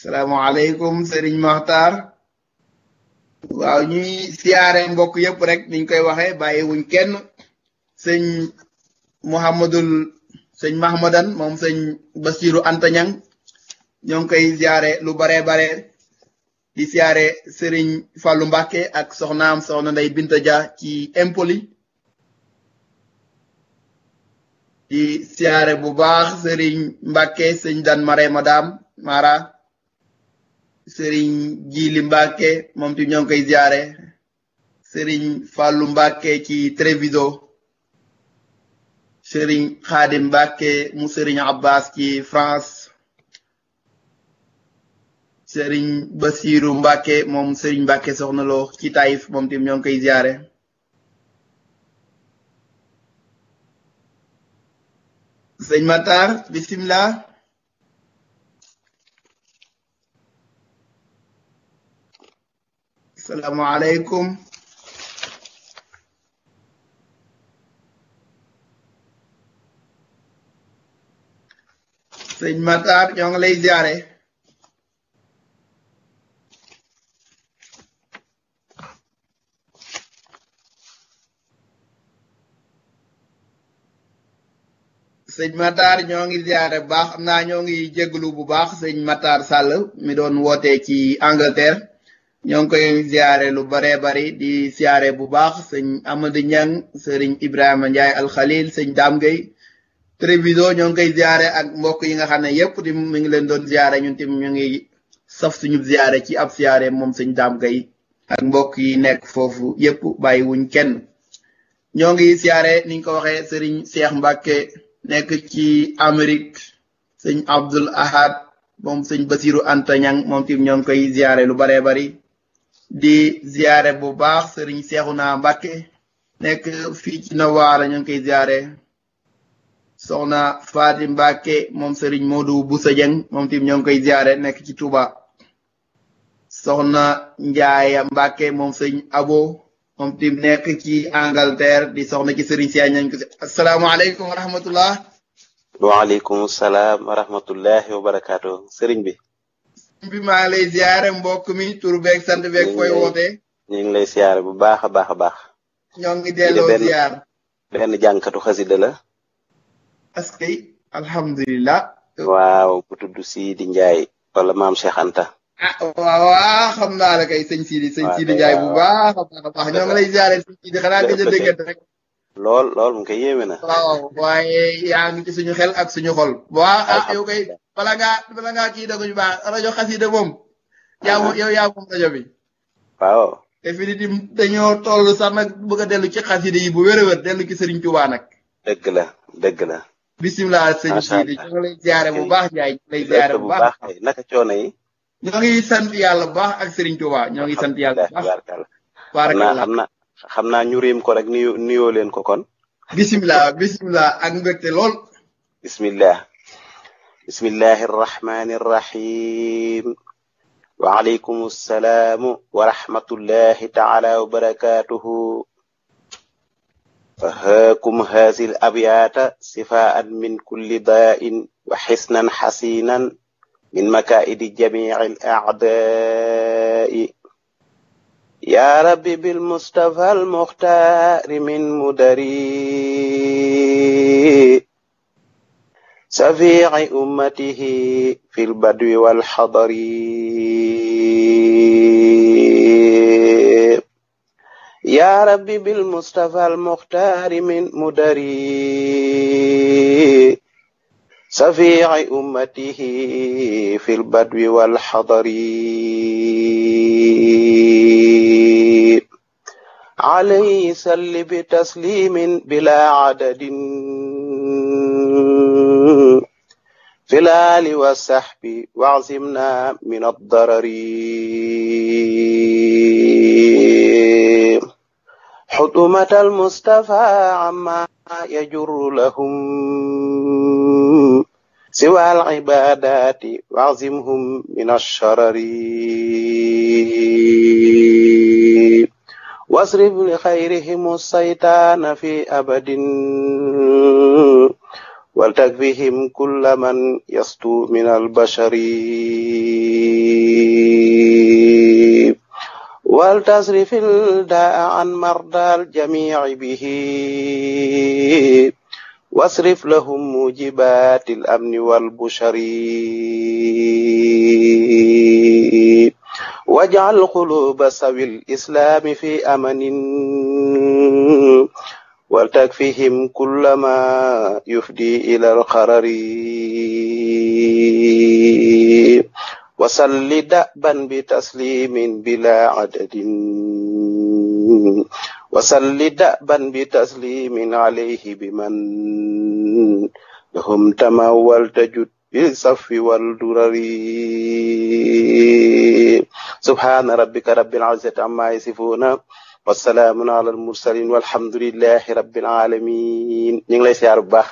salaamaaleykum sëriñ Maxtaar waaw ñuy siyaare mbokk yépp rek niñ koy waxee bàyyiwuñ kenn sëñ Muhammadul sëñ Mahmadan moom sëñ Basiru Antañang ñoo ngi koy siyaare lu baree bare di siyaare sëriñ Fàllu Mbàkke ak soxnaam soxna Ndey Binta Dia ci impoli di siyaare bu baax sëriñ Mbàkke sëñ Dan Mare madame Mara sëriñ Jili Mbàkke moom tamit ñoo ngi koy ziare sëriñ Fàllu Mbàkke ci Treviso sëriñ xadi Mbàkke mu sëriñ Abbas ci France sëriñ Basiiru Mbàkke moom sëriñ Mbàkke soxna ci Taïf moom tamit ñoo ngi koy ziare sëñ Matar bisimilah السلام عليكم sëñ Matar ñoo lay ziare sëñ Matar ñoo ngi ziare baax xam naa ñoo ngi jéglu bu baax sëñ Matar Sall mi doon woote ci Angleterre ñoo ngi koy ziare lu bare bari di ziare bu baax sëñ Amadou Niang sëriñ Ibrahima Ndiaye alxalil sëñ Dame Gueye Tréviso ñoo ngi koy ziare ak mbokk yi nga xam ne yëpp di mi ngi leen doon ziare ñun tim ñu ngi saf suñu ziare ci ab ziare moom sëñ Dame Gueye ak mbokk yi nekk foofu yëpp bàyyi wuñ kenn ñoo ngi ziare ni ñu ko waxee sëriñ Cheikh Mbacke nekk ci Amérique sëñ Abdul Ahad moom sëñ Basiru Anta Niang moom tim ñoo ngi koy ziare lu baree bari di ziare bu baax sëriñ Seexuna Mbàkke nekk fii ci Nawara ñu ngi koy ziare soxna Faati Mbàkke moom sëriñ Modou Boussa Dieng moom tim ñoo ngi koy ziare nekk ci Touba soxna Njaaya Mbàkke moom sëriñ Abo moom tim nekk ci Angleterre di soxna ci sëriñ Seex ñoo ngi ko asalaamaaleykum wa rahmatullah waaleykum salaam wa rahmatullahi wa barakaatu sëriñ bi bi maa lay ziare mbokk mi tur beeg sant beeg fooy wootee. ngi lay ziare bu baax a baax a baax. ñoo ngi delloo ziar. benn jànkatu xasida la. askay alhamdulilah. waaw bu tudd Sidi Ndiaye. wala maam Cheikh Anta. ah waaw ah, xam naa kay sëñ Sidi sëñ Sidi Ndiaye bu baax a baax a baax ñoo lay ziare sëñ Sidi xanaa rek. lool lool mu koy yéeme na. waaw waaye yaa ngi suñu xel ak suñu xol. waaw ah yow kay bala ngaa bala ngaa kii dëgg bu baax rajo xasida moom. yaa moom yow yaa rajo bi. waaw. te fi di dañoo toll sax nag bëgg a dellu ci xasida yi bu wér-wér dellu ci Serigne Touba nag. dëgg la dëgg la. bisimilah sëñ Sidi ñu ngi lay ziare bu baax Ndiaye lay ziare bu baax naka coono yi. ñoo ngi sant bu baax ak Serigne Touba ñoo ngi sant yàlla baax. waaw xam naa ñu ko rek nuyu leen ko kon. bisimilah bisimilah ak mbégte lool. bisimilah. bismillahi irrahmani irrahim waaleykum assalaamu wa rahmatullahi taala wa barakatuhu fahaakum haasi l abyaata sifaan min kulli daain wa xisnan xasinan min makaidi jamici l yaa rabbi bil mustafa al muxtaari min mudari safiici ummatihi fi lbadwi walxadari yaa rabbi bil mustafa al muxtaari min mudari شفيع أمته في البدو والحضر عليه سل بتسليم بلا عدد في الآل والسحب واعزمنا من الضرر حطمة المصطفى عما يجر لهم سوى العبادات واعزمهم من الشرر واصرف لخيرهم الشيطان في أبد ولتكفهم كل من يسطو من البشر ولتصرف الداء عن مرضى الجميع به wasrif lahum mujibatil amni wal bushari wajal quluba sawil islami fi amanin waltakfihim kullama yufdi ila alqarari wasalli daban bi taslimin bila adadin wasalli daban bi taslimin alayhi bi man lahum tamawal tajud bi safi wal durari subhana rabbika rabbil izzati amma yasifuna wasalaamun ala al mursalin walhamdulillahi alamin ñu ngi lay siyaar bu baax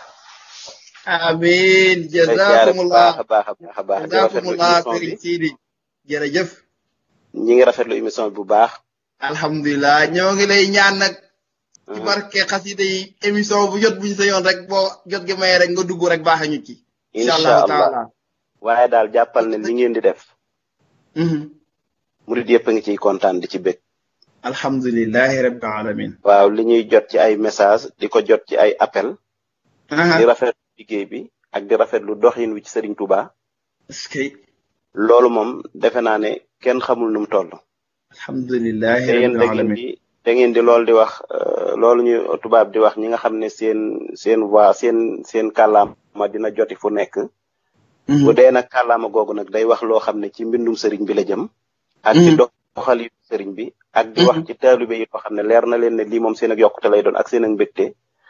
amin jazakumullah baax a baax a baax jazakumullah Serigne Sidi jërëjëf ñi ngi rafetlu émission bu baax alhamdulilah ñoo ngi lay ñaan nag ci uh-huh. barke xasida yi émission bu jot buñ sa yoon rek boo jot gi may rek nga dugg rek baax a ñu ci incha allahu waaye daal jàppal ne li ngeen di def mm-hmm. mu yëpp a ngi ci kontaan di ci bég alhamdulilahi rabbil alamin waaw li jot ci ay message di ko jot ci ay appel uh-huh. liggéey bi ak di rafetlu doxin wi ci sëriñ Touba. loolu moom defe naa ne kenn xamul nu mu toll. alhamdulilah yéen da ngeen di loolu di wax euh, loolu ñu tubaab di wax ñi nga xam ne seen seen waa seen seen kàllaama dina joti fu nekk. Mhm. bu dee nag kàllaama googu nag day wax loo xam ne ci mbindum sëriñ bi la jëm. ak ci mhm. doxali sëriñ bi. ak di wax mhm. ci taalibe yi loo xam ne leer na leen ne lii moom seen ak lay doon ak seen ak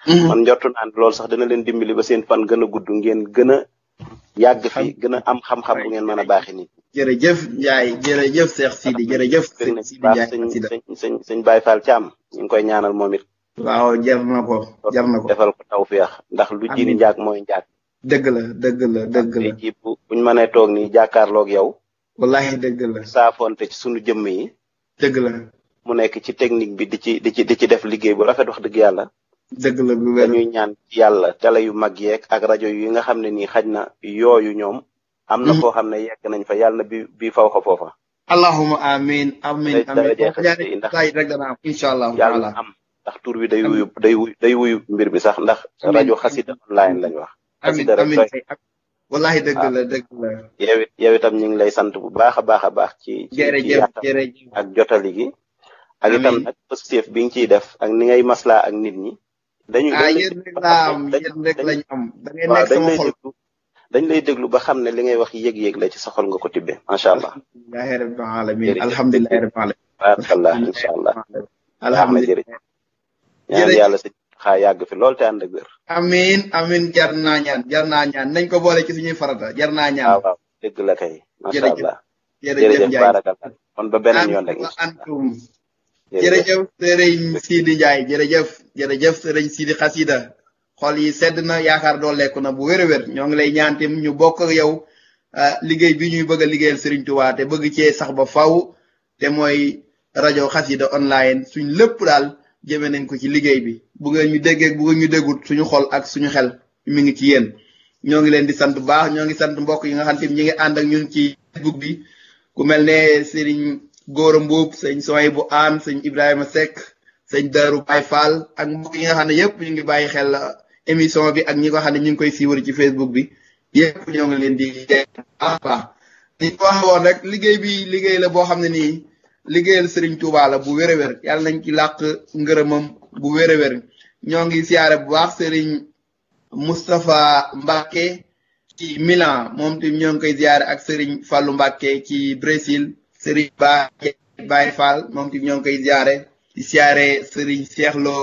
Mhm. man njortu naan loolu sax dana leen dimbali ba seen fan gën a gudd ngeen gën a yàgg fi gën a am xam-xam bu ngeen mën a baaxi nit jërëjëf Njaay jërëjëf Seex Sidi jërëjëf sëñ Sidi Njaay sëñ sëñ Baye Fall Thiam ñu ngi koy ñaanal moom it waaw jar na ko jar defal ko taw feex ndax lu ji ni njaag mooy njaag dëgg la dëgg la dëgg la ji bu buñu mënee toog nii jàkkaarloog yow wallahi dëgg la saafonte ci sunu jëmm yi dëgg la mu nekk ci technique bi di ci di ci di ci def liggéey bu rafet wax dëgg yàlla dëgg la bu ñuy ñaan ci yàlla télé yu mag yeeg ak rajo yi nga xam ne nii xaj na yooyu ñoom. am na mm-hmm. foo xam ne yegg nañ fa yàlla bi bi faw xa foofa. allahuma amiin amiin amiin ndax rek dana am ndax tur bi day wuyu day wuyu day wuyu mbir bi sax ndax. rajo xasida online lañ wax. amiin amiin wallahi dëgg ah. dëgg la. yow yow itam ñu ngi lay sant bu baax a baax a baax. ci ci ak jotali gi. ak itam nag bi nga ciy def ak ni ngay maslaa ak nit ñi. dañuy ah yéen rek laa am lañ am da ngay dañ lay déglu ba xam ne li ngay wax yéeg-yéeg la ci sa xol nga ko tibbee macha allah. alhamdulilah rabbil alamin alhamdulilah rabbil alamin. barakallah incha allah. alhamdulilah ñaan yàlla sa xaa yàgg fi lool te ànd ak wér. amiin amiin jar naa ñaan jar ñaan nañ ko boole ci ñuy farata jar naa ñaan. waaw ah, waaw dëgg la kay. macha allah jërëjëf jërëjëf barakallah kon ba beneen yoon rek. jërëjëf sëriñ Sidi Ndiaye jërëjëf jërëjëf sëriñ Sidi Xasida xol yi sedd na yaakaar doo lekku na bu wér wér ñoo ngi lay ñaantim ñu bokk yow ah, liggéey bi ñuy bëgg a liggéeyal sëriñ Tuubaa te bëgg cee sax ba faw te mooy rajo Xasida online suñ lépp daal jëmee nañ ko ci liggéey bi bu ngeen ñu déggee bu ñu déggut suñu xol ak suñu xel mi ngi ci yéen ñoo ngi leen di sant bu baax ñoo ngi sant mbokk yi nga xam ñu ngi ànd ak ñun ci Facebook bi ku mel ne sëriñ Gora Mbuub sëñ Soy bu Aan sëñ Ibrahima Seck sëñ Darou Baye Fall ak mbokk yi nga xam ne yëpp ñu ngi bàyyi xel émission bi ak ñi nga ne ñu ngi koy siiwar ci Facebook bi ñoo ngi leen di ah baax li liggéey bi liggéey la boo xam ne nii liggéeyal Serigne Touba bu wér-wér yàlla nañ ci làq ngërëmam bu wér-wér ñoo ngi siyaare bu baax Serigne Moustapha Mbacke ci Milan moom tamit ñoo ngi koy siyaare ak Serigne Fallou Mbacke ci Brésil. Serigne Ba Baye Fall moom tamit ñoo ngi koy ziare di ziare Serigne Cheikh Lo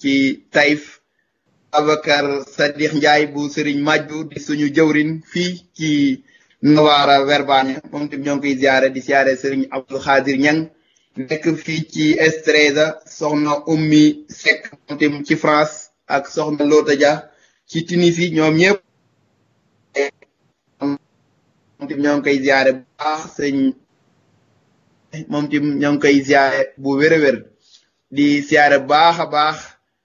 ci Taïf Abacar Sadikh njaay bu Serigne Majbu di suñu jëwrin fii ci Novara Verbania moom tamit ñoo koy ziare di ziare Serigne Abdou Khadir Niang nekk fii ci Estreza soxna Ummi Seck moom tamit France ak soxna Lota Dia ci Tunisie ñoom ñëpp moom tamit ñoo koy ziare baax sëñ moom ci ñoo ngi koy ziare bu wér a di ziare baax a baax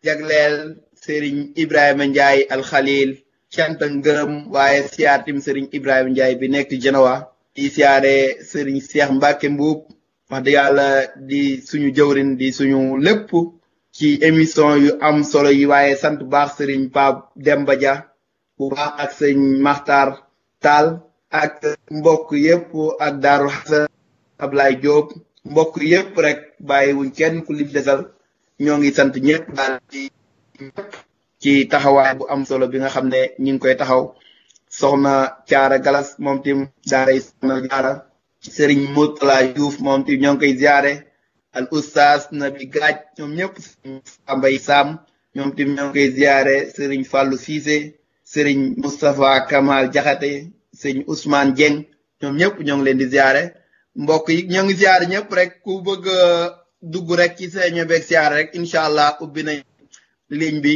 jagleel sëriñ Ibrahima Ndiaye alxalil cant ak ngërëm waaye ziar tim sëriñ Ibrahima Ndiaye bi nekk Genoa di ziare sëriñ Cheikh Mbacke Mbuub wax dëgg di suñu jëwrin di suñu lépp ci émission yu am solo yi waaye sant baax sëriñ Pape Demba bu baax ak sëriñ Maxtar Tall ak mbokk yépp ak Daaru Xasan Ablaye Diop mbokk yëpp rek bàyyiwuñ kenn ku lim sal ñoo ngi sant ñëpp daal ci taxawaay bu am solo bi nga xam ne ñu ngi koy taxaw soxna Caara Galas moom tim daaray soxna Caara sëriñ Moutala tim ñoo ngi koy ziare al oustaz Nabi Gaaj ñoom ñëpp Sambay Sam ñoom tim ñoo ngi koy ziare sëriñ Fallou Cissé sëriñ Moustapha Kamal Jaxate sëriñ Ousmane Dieng ñoom ñëpp ñoo ngi leen di ziare mbokk yi ñoo ngi siyaar ñëpp rek ku bëgg a dugg rek ci seeño beeg siyaar rek incha allah ubbi nañ ligne bi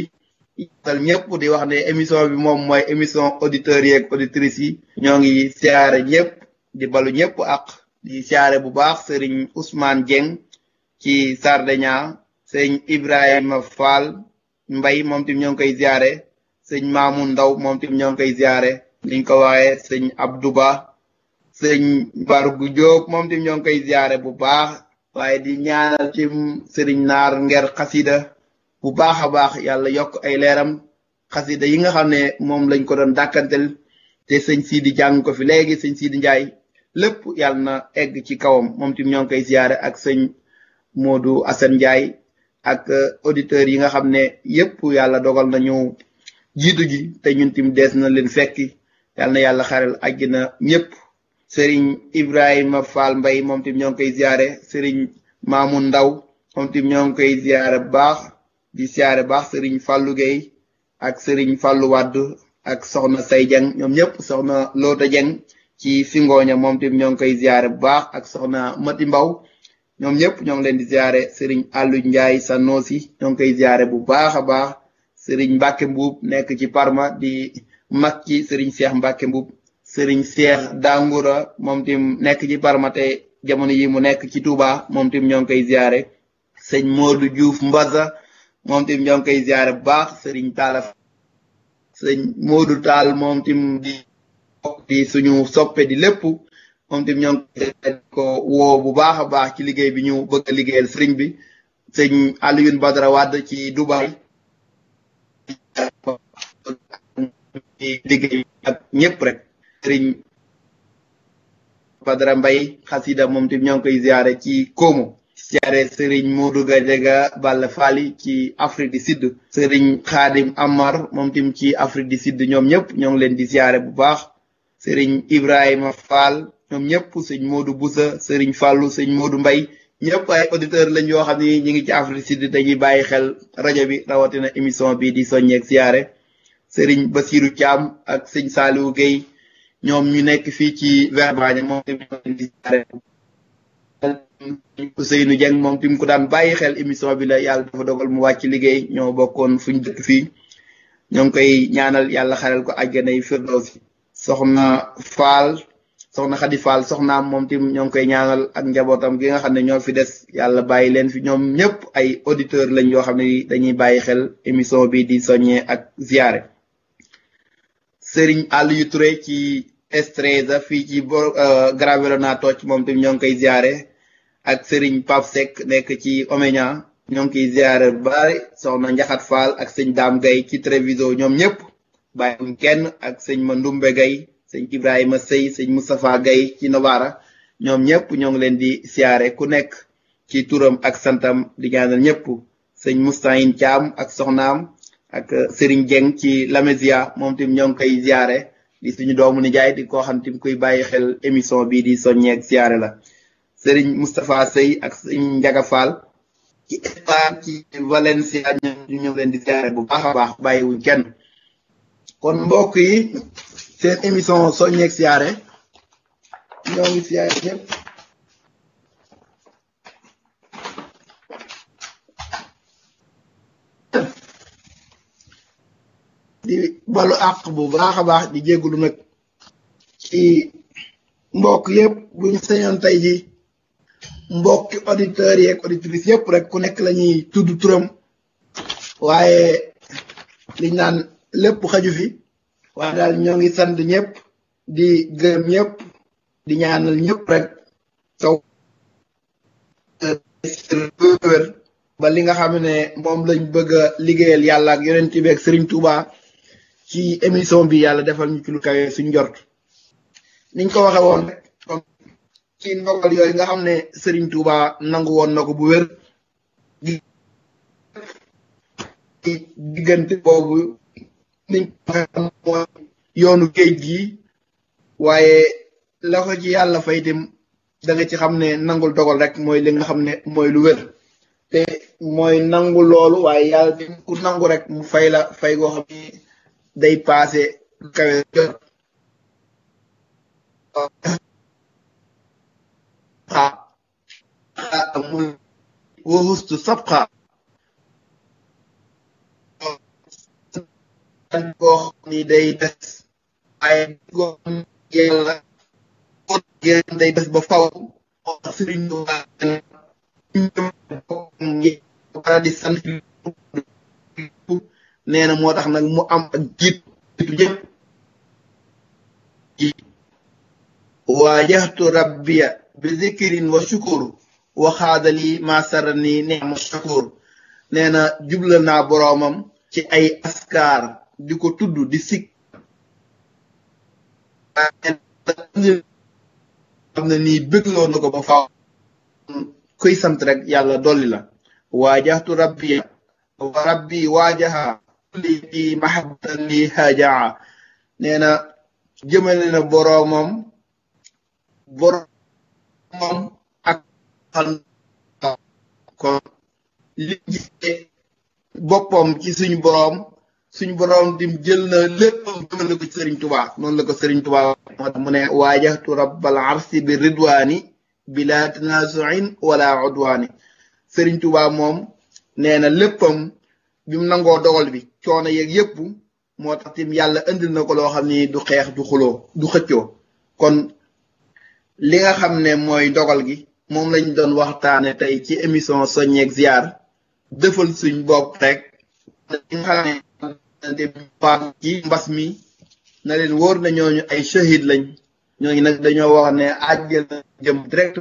tal ñëpp di wax ne émission bi moom mooy émission auditeurs yeeg auditrices yi ñoo ngi siyaare ñëpp di balu ñëpp ak di siyaare bu baax sëriñ Ousmane Dieng ci Sardeña sëñ Ibrahima Fall Mbay moom ti ñoo ngi koy siyaare sëñ Mamoun Ndaw moom ti ñoo ngi koy siyaare liñ ko waxee sëñ Abdou Ba sëñ gu Jóob moom tim ñoo ngi koy ziyaare bu baax waaye di ñaanal tim sëriñ naar nger xasida bu baax a baax yàlla yokk ay leeram xasida yi nga xam ne moom lañ ko doon dàkkantel te sëñ Sidi jàng ko fi léegi sëñ Sidi Njaay lépp yàlla na egg ci kawam moom tim ñoo ngi koy ziyaare ak sëñ Moodu Asan Njaay ak uh, auditeurs yi nga xam ne yépp yàlla dogal nañu jiitu ji te ñun tim na leen fekki yàlla na yàlla xaral àjjana ñépp sëriñ Ibrahima Fall Mbay moom tim ñoo ngi koy ziare sëriñ Maamu Ndaw moom tim ñoo ngi koy bu baax di ziare baax sëriñ Fallou Gueye ak sëriñ Fallou Wàddu ak soxna Say Jeng ñoom ñëpp soxna Loota Jeng ci Singooña moom tim ñoo ngi koy bu baax ak soxna Mati Mbaw ñoom ñëpp ñoo ngi leen di ziare sëriñ Allu Njaay Sanosi ñoo ngi koy ziare bu baax a baax sëriñ Mbàkke Mbuub nekk ci Parma di mag ci sëriñ Seex Mbàkke Mbuub sëriñ Seex Dangura moom tim nekk ci Parmate jamono yi mu nekk ci Touba moom tim ñoo ngi koy ziare sëñ Modou juuf Mbaza moom tim ñoo ngi koy ziare bu baax sëriñ Taala sëñ Modou Taal moom tim di suñu soppe di lépp moom tim ñoo ko woo bu baax a baax ci liggéey bi ñu bëgg a sëriñ bi sëñ Alioune Badara Wade ci Dubaay liggéey rek sëriñ Badara Mbay xasida moom tamit ñoo ngi koy ziare ci Koomo ziare sëriñ Modou Gadiaga Balla Fali ci Afrique di Sud sëriñ Xaadim Amar moom tamit ci Afrique di Sud ñoom ñëpp ñoo ngi leen di ziare bu baax sëriñ Ibrahima Fall ñoom ñëpp sëñ Modou Boussa sëriñ falu sëñ Modou Mbay ñëpp ay auditeurs lañ yoo xam ne ñi ngi ci Afrique du Sud dañuy bàyyi xel rajo bi rawatina émission bi di soññeeg ziare sëriñ Basirou caam ak sëñ Saliou Gueye ñoom ñu nekk fii ci Vélingara moom tamit Ousseynou Dieng moom tim ko daan bàyyi xel émission bi la yàlla dafa dogal mu wàcc liggéey ñoo bokkoon fuñ dëkk fii ñoo ngi koy ñaanal yàlla xaral ko àjjana yi firdawsi soxna Faal soxna Xadi Faal soxnaam moom tim ñoo ngi koy ñaanal ak njabootam gi nga xam ne ñoo fi des yàlla bàyyi leen fi ñoom ñëpp ay auditeur lañ yoo xam ne dañuy bàyyi xel émission bi di soññee ak ziyaare Serigne Aliou Touré ci Estreza fii ci bo euh, Gravelonato ci moom tamit ñoo ngi koy ziare ak Serigne Pape nekk ci Omegna ñoo ngi kiy ziare bu bari soxna Njaxat Fall ak sëñ Dame Gueye ci Treviso ñoom ñëpp bàyyiwuñ kenn ak sëñ Mandumbe Gueye sëñ Ibrahima Sey sëñ Moustapha Gueye ci Novara ñoom ñëpp ñoo ngi leen di siyaare ku nekk ci turam ak santam di ñaanal ñëpp sëñ Moustahine Thiam ak soxnaam ak euh, Serigne Dieng ci Lamesia moom tim ñoo ngi koy ziare di suñu doomu nijaay di ko xam tim kuy bàyyi xel émission bii di soññeeg ziare la sëriñ Moustapha Sey ak Serigne Ndiaga Fall ci Espagne ci Valencia ñu leen di ziare bu baax a baax bàyyiwuñ kenn kon mbokk yi seen émission soññeeg ziare ñoo ngi ziare ñëpp di balu àq bu baax a baax di jégalu nag ci mbokk yépp buñ sañoon tey ji mbokki auditeurs yeeg auditrices yëpp rek ku nekk la ñuy tudd turam waaye liñ naan lépp xaju fi waaye daal ñoo ngi sant ñëpp di gërëm ñëpp di ñaanal ñëpp rek kaw ba li nga xam ne moom lañ bëgg a liggéeyal yàlla ak yonent bi ak Serigne Touba ci émission bi yàlla defal ñu ci lu kawe suñ njort niñ ko waxe woon rek kon ci ndogal yooyu nga xam ne sëriñ Touba nangu woon na ko bu wër ci diggante boobu niñ ko yoonu géej gi waaye la ko yàlla fay dem da ci xam ne nangul dogal rek mooy li nga xam ne mooy lu wér te mooy nangu loolu waaye yàlla dem ku nangu rek fayla fay la fay day paase kawe jot muy waxustu sabxa koo xam day des waaye goo xam yàlla gën day des ba faw sëriñ di sant nee na moo tax nag mu am ak jiitu ñëpp waajahtu rabbiya bi zikrin wa shukuru waxaadali masara ni nema nee na jubla naa boroomam ci ay askar di ko tudd di sikk xam na ni bégloo na ko ba faaw kuy sant rek yàlla dolli la waajaxtu rabbi wa rabbi waajaha lii maxabtan lii hajaa nee na jëmale na boroomam boroomam ak kon li jëlee boppam ci suñu boroom suñu boroom dim jël na léppam jëmale ko ci sëriñ tubaa noonu la ko sëriñ tubaa mu ne waajahtu rabbal arsi bi ridwaani bila tanasuin wala udwaani sëriñ tubaa moom nee léppam bi mu nangoo dogal bi coono yeeg yëpp moo tax tim yàlla indi na ko loo xam ni du xeex du xuloo du xëccoo kon li nga xam ne mooy dogal gi moom lañ doon waxtaane tey ci émission soññeeg ziar defal suñ bopp rek li nga xam ci mbas mi na leen wóor na ñooñu ay shahid lañ ñooñu nag dañoo wax ne àjjana jëm direct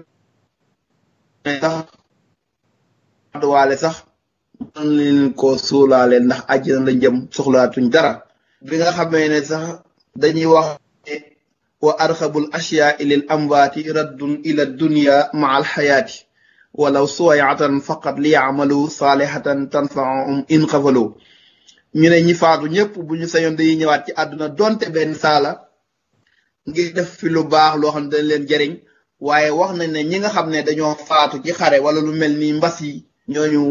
sax waale sax mën leen koo suulaale ndax àjjana la jëm soxlaatuñ dara bi nga xamee ne sax dañuy wax wa arxabul ashyaa lil amwaati raddun ila dunya maa alxayaati walaw suwayatan faqat li yaamalu saalihatan tanfaahum in xafalu ñu ne ñi faatu ñëpp bu ñu sañoon dañuy ñëwaat ci àdduna donte benn saala ngir def fi lu baax loo xam ne dañ leen jëriñ waaye wax na ñi nga xam ne dañoo faatu ci xare wala lu mel ni mbas yi ñooñu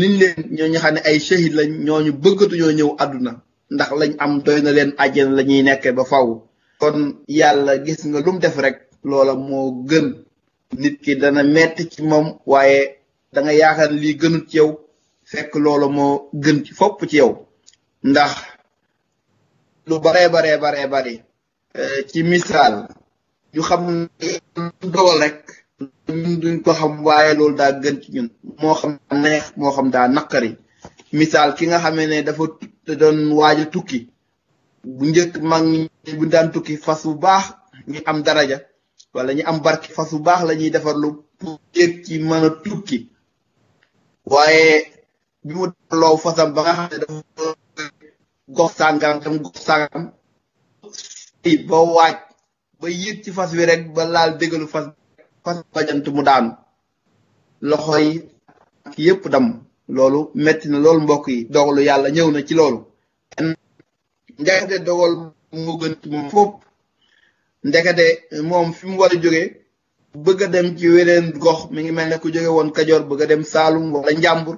liñ leen ñoo ñu xam ne ay shahid lañ ñooñu bëggatuñoo ñëw àdduna ndax lañ am doy na leen àjjana la ñuy nekkee ba faw kon yàlla gis nga lu def rek loola moo gën nit ki dana metti ci moom waaye danga nga yaakaar lii gënut ci yow fekk loola moo gën ci fopp ci yow ndax lu baree baree baree bari eh, ci misaal ñu xam dogal rek ñun duñ xam waaye loolu daal gën ci ñun moo xam daa neex moo xam daa naqari misaal ki nga xamee ne dafa doon waaj a tukki bu njëkk mag ñi daan tukki fas wu baax ñu am daraja wala ñu am barki fas bu baax la ñuy defar lu yëg ci mën a tukki waaye bi mu loow fasam ba nga xam ne dafa gox sàngam ba waaj ba yëg ci fas wi rek ba laal dégalu fas fas bajant mu daanu loxo yi yépp dam loolu metti loolu mbokk yi dogalu yàlla ñëw na ci loolu ndekete dogal mu gën moom fopp ndekete moom fi mu war a jóge bëgg dem ci weneen gox mi ngi mel ne ku jóge woon Kajoor bëgg a dem Saalum wala Njàmbur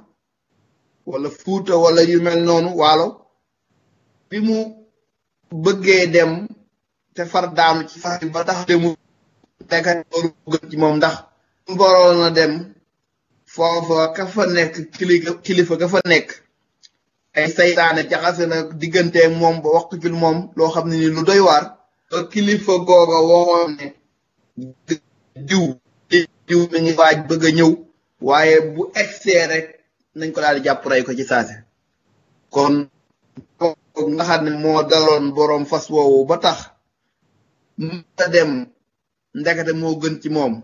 walla Fuuta wala yu mel noonu waalo bi mu bëggee dem te far daanu ci far ba tax demul yaakaar moom ndax waroon na dem foofa ka fa nekk kilifa ga fa nekk ay saytaane jaxase na digganteeg moom ba waxtu ci moom loo xam ne nii lu doy waar ba kilifa googa waxoon ne diw mi ngi waaj bëgg a ñëw waaye bu egsee rek nañ ko daal di jàpp rey ko ci saase kon nga xam ne moo daloon boroom fas woowu ba tax mënta dem ndekete moo gën ci moom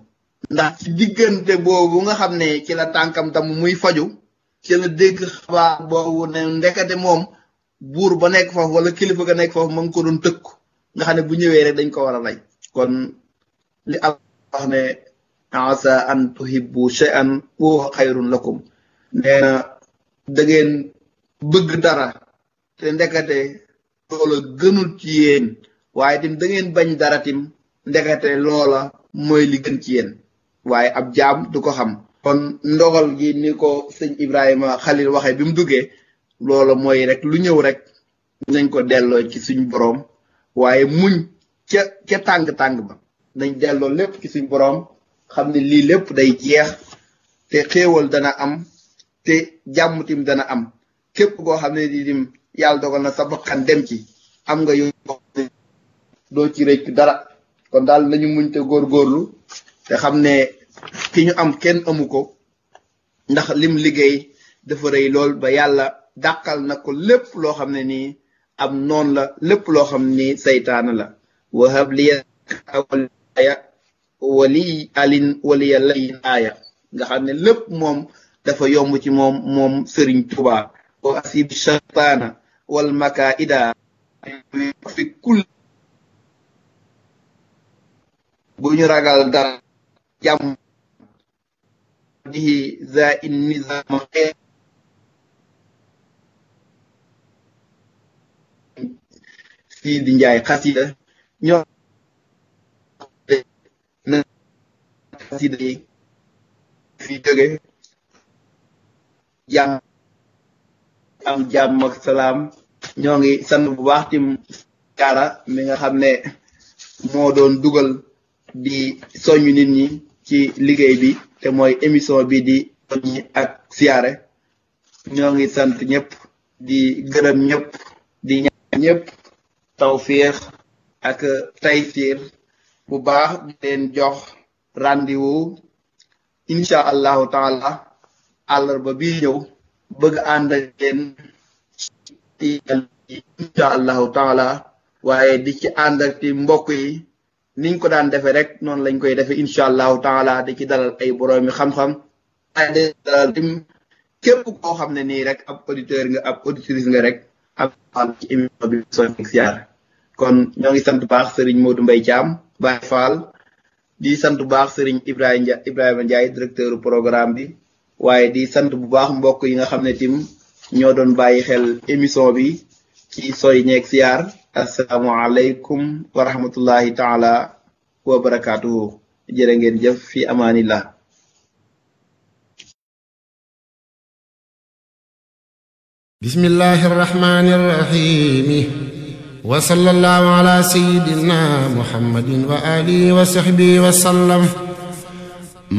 ndax ci diggante boobu nga xam ne ci la tànkam tam muy faju ci la dégg xabaar boobu ne ndekete moom buur ba nekk foofu wala kilifa ga nekk foofu ma ngi ko doon tëkku nga xam ne bu ñëwee rek dañ ko war a lay kon li Allah wax ne asa an tuhibbu shay'an wa huwa xayrun lakum na da bëgg dara te ndekete loola gënul ci waaye tim da bañ dara tim ndekete loola mooy li gën ci yéen waaye ab jaam du ko xam kon ndogal gi ni ko sëñ Ibrahima Xalil waxee bi mu duggee loola mooy rek lu ñëw rek nañ ko delloo ci suñ boroom waaye muñ ca ca tàng-tàng ba dañ delloo lépp ki suñ boroom xam ne lii lépp day jeex te xéewal dana am te jàmm tim dana am képp koo xam ne di dim yàlla dogal na sa bakkan dem ci am nga yow doo ci rëccu dara kon daal nañu muñ te góorlu te xam ne ki ñu am kenn amu ko ndax lim liggéey dafa rëy lool ba yàlla dàqal na ko lépp loo xam ne nii am noon la lépp loo xam ni saytaana la wahab liya waliya wali alin waliya nga xam ne lépp moom dafa yomb ci moom moom sëriñ tubaa wa asib shaytaana fi kulli bu ñu ragal dara jàmm dihi za in nizama Njaay xasida ñoo na xasida yi fi jóge jàmm am jàmm ak salaam ñoo ngi sann bu baax tim mi nga xam ne moo doon dugal di soññ nit ñi ci liggéey bi te mooy émission bi di soññi ak siyaare ñoo ngi sant ñëpp di gërëm ñépp di ñaan ñëpp tawfiix ak taysiir bu baax di leen jox rendez-vous incha allahu taala àllarba bi ñëw bëgg ànd ak leen allahu taala waaye di ci ànd ak mbokk yi niñ ko daan defee rek noonu lañ koy defee incha allahu taala di ci dalal ay boroomi xam-xam di dalal tim képp koo xam ne nii rek ab auditeur nga ab auditrice nga rek am faal ci émission bi Sonic kon ñoo ngi sant baax sëriñ Modou Mbaye Thiam Baye Fall di sant bu baax sëriñ Ibrahima Ibrahima Ndiaye directeur programme bi waaye di sant bu baax mbokk yi nga xam ne tim ñoo doon bàyyi xel émission bi ci Sonic Ziar asalaamualeykum wa rahmatullahi taala wa barakaatuhu jërë ngeen jëf fi amaanillah bismillahi arrahmani arrahimi wa sallallahu ala sayyidina muhammadin wa alihi wa sahbihi wa sallam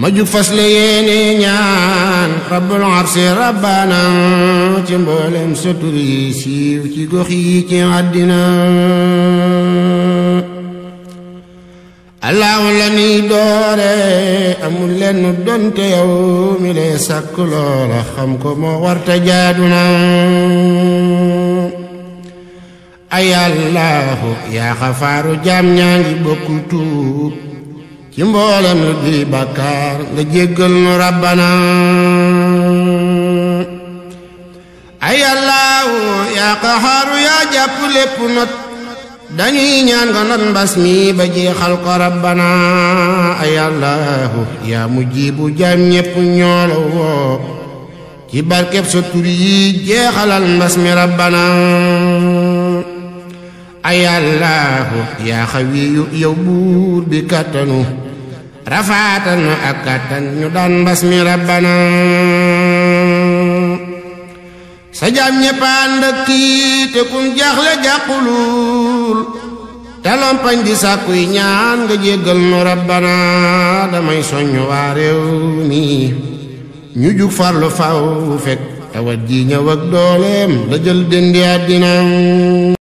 ma jug fas la yéene ñaan rabbul arsi rabbana ci mboolem sa tur yi siiw ci gox yi ci àddina allahu la nuy doore amul lenn donte yow mi lay sàkk loola xam ko moo warta jaaduna ay allahu yaa xafaaru jaam ñaa bokku tuub ci mboolem lu di bàkkaar nga jéggal nu rabbana ay yàllaahu yaa qaxaaru yaa jàpp lépp not dañuy ñaan nga not mbas mi ba jeexal ko rabbana ay yàllaahu yaa mujjibu jaam ñépp ñoolo ci barkeb sa tur jeexalal mbas mi rabbana ayallaahu yaa xawiyu yow buur bi kattanu rafaatanu ak kattan ñu daan mbas mi rabbana sa jaam ñeppaan ndëkkii te kum jaxle jàquluul te lompañ di sàkku yi ñaan nga jéggal nu rabbana damay soññ waa réew mi ñu jug farlu faw fekk tawat ji ñëw ak la jël dindi àddina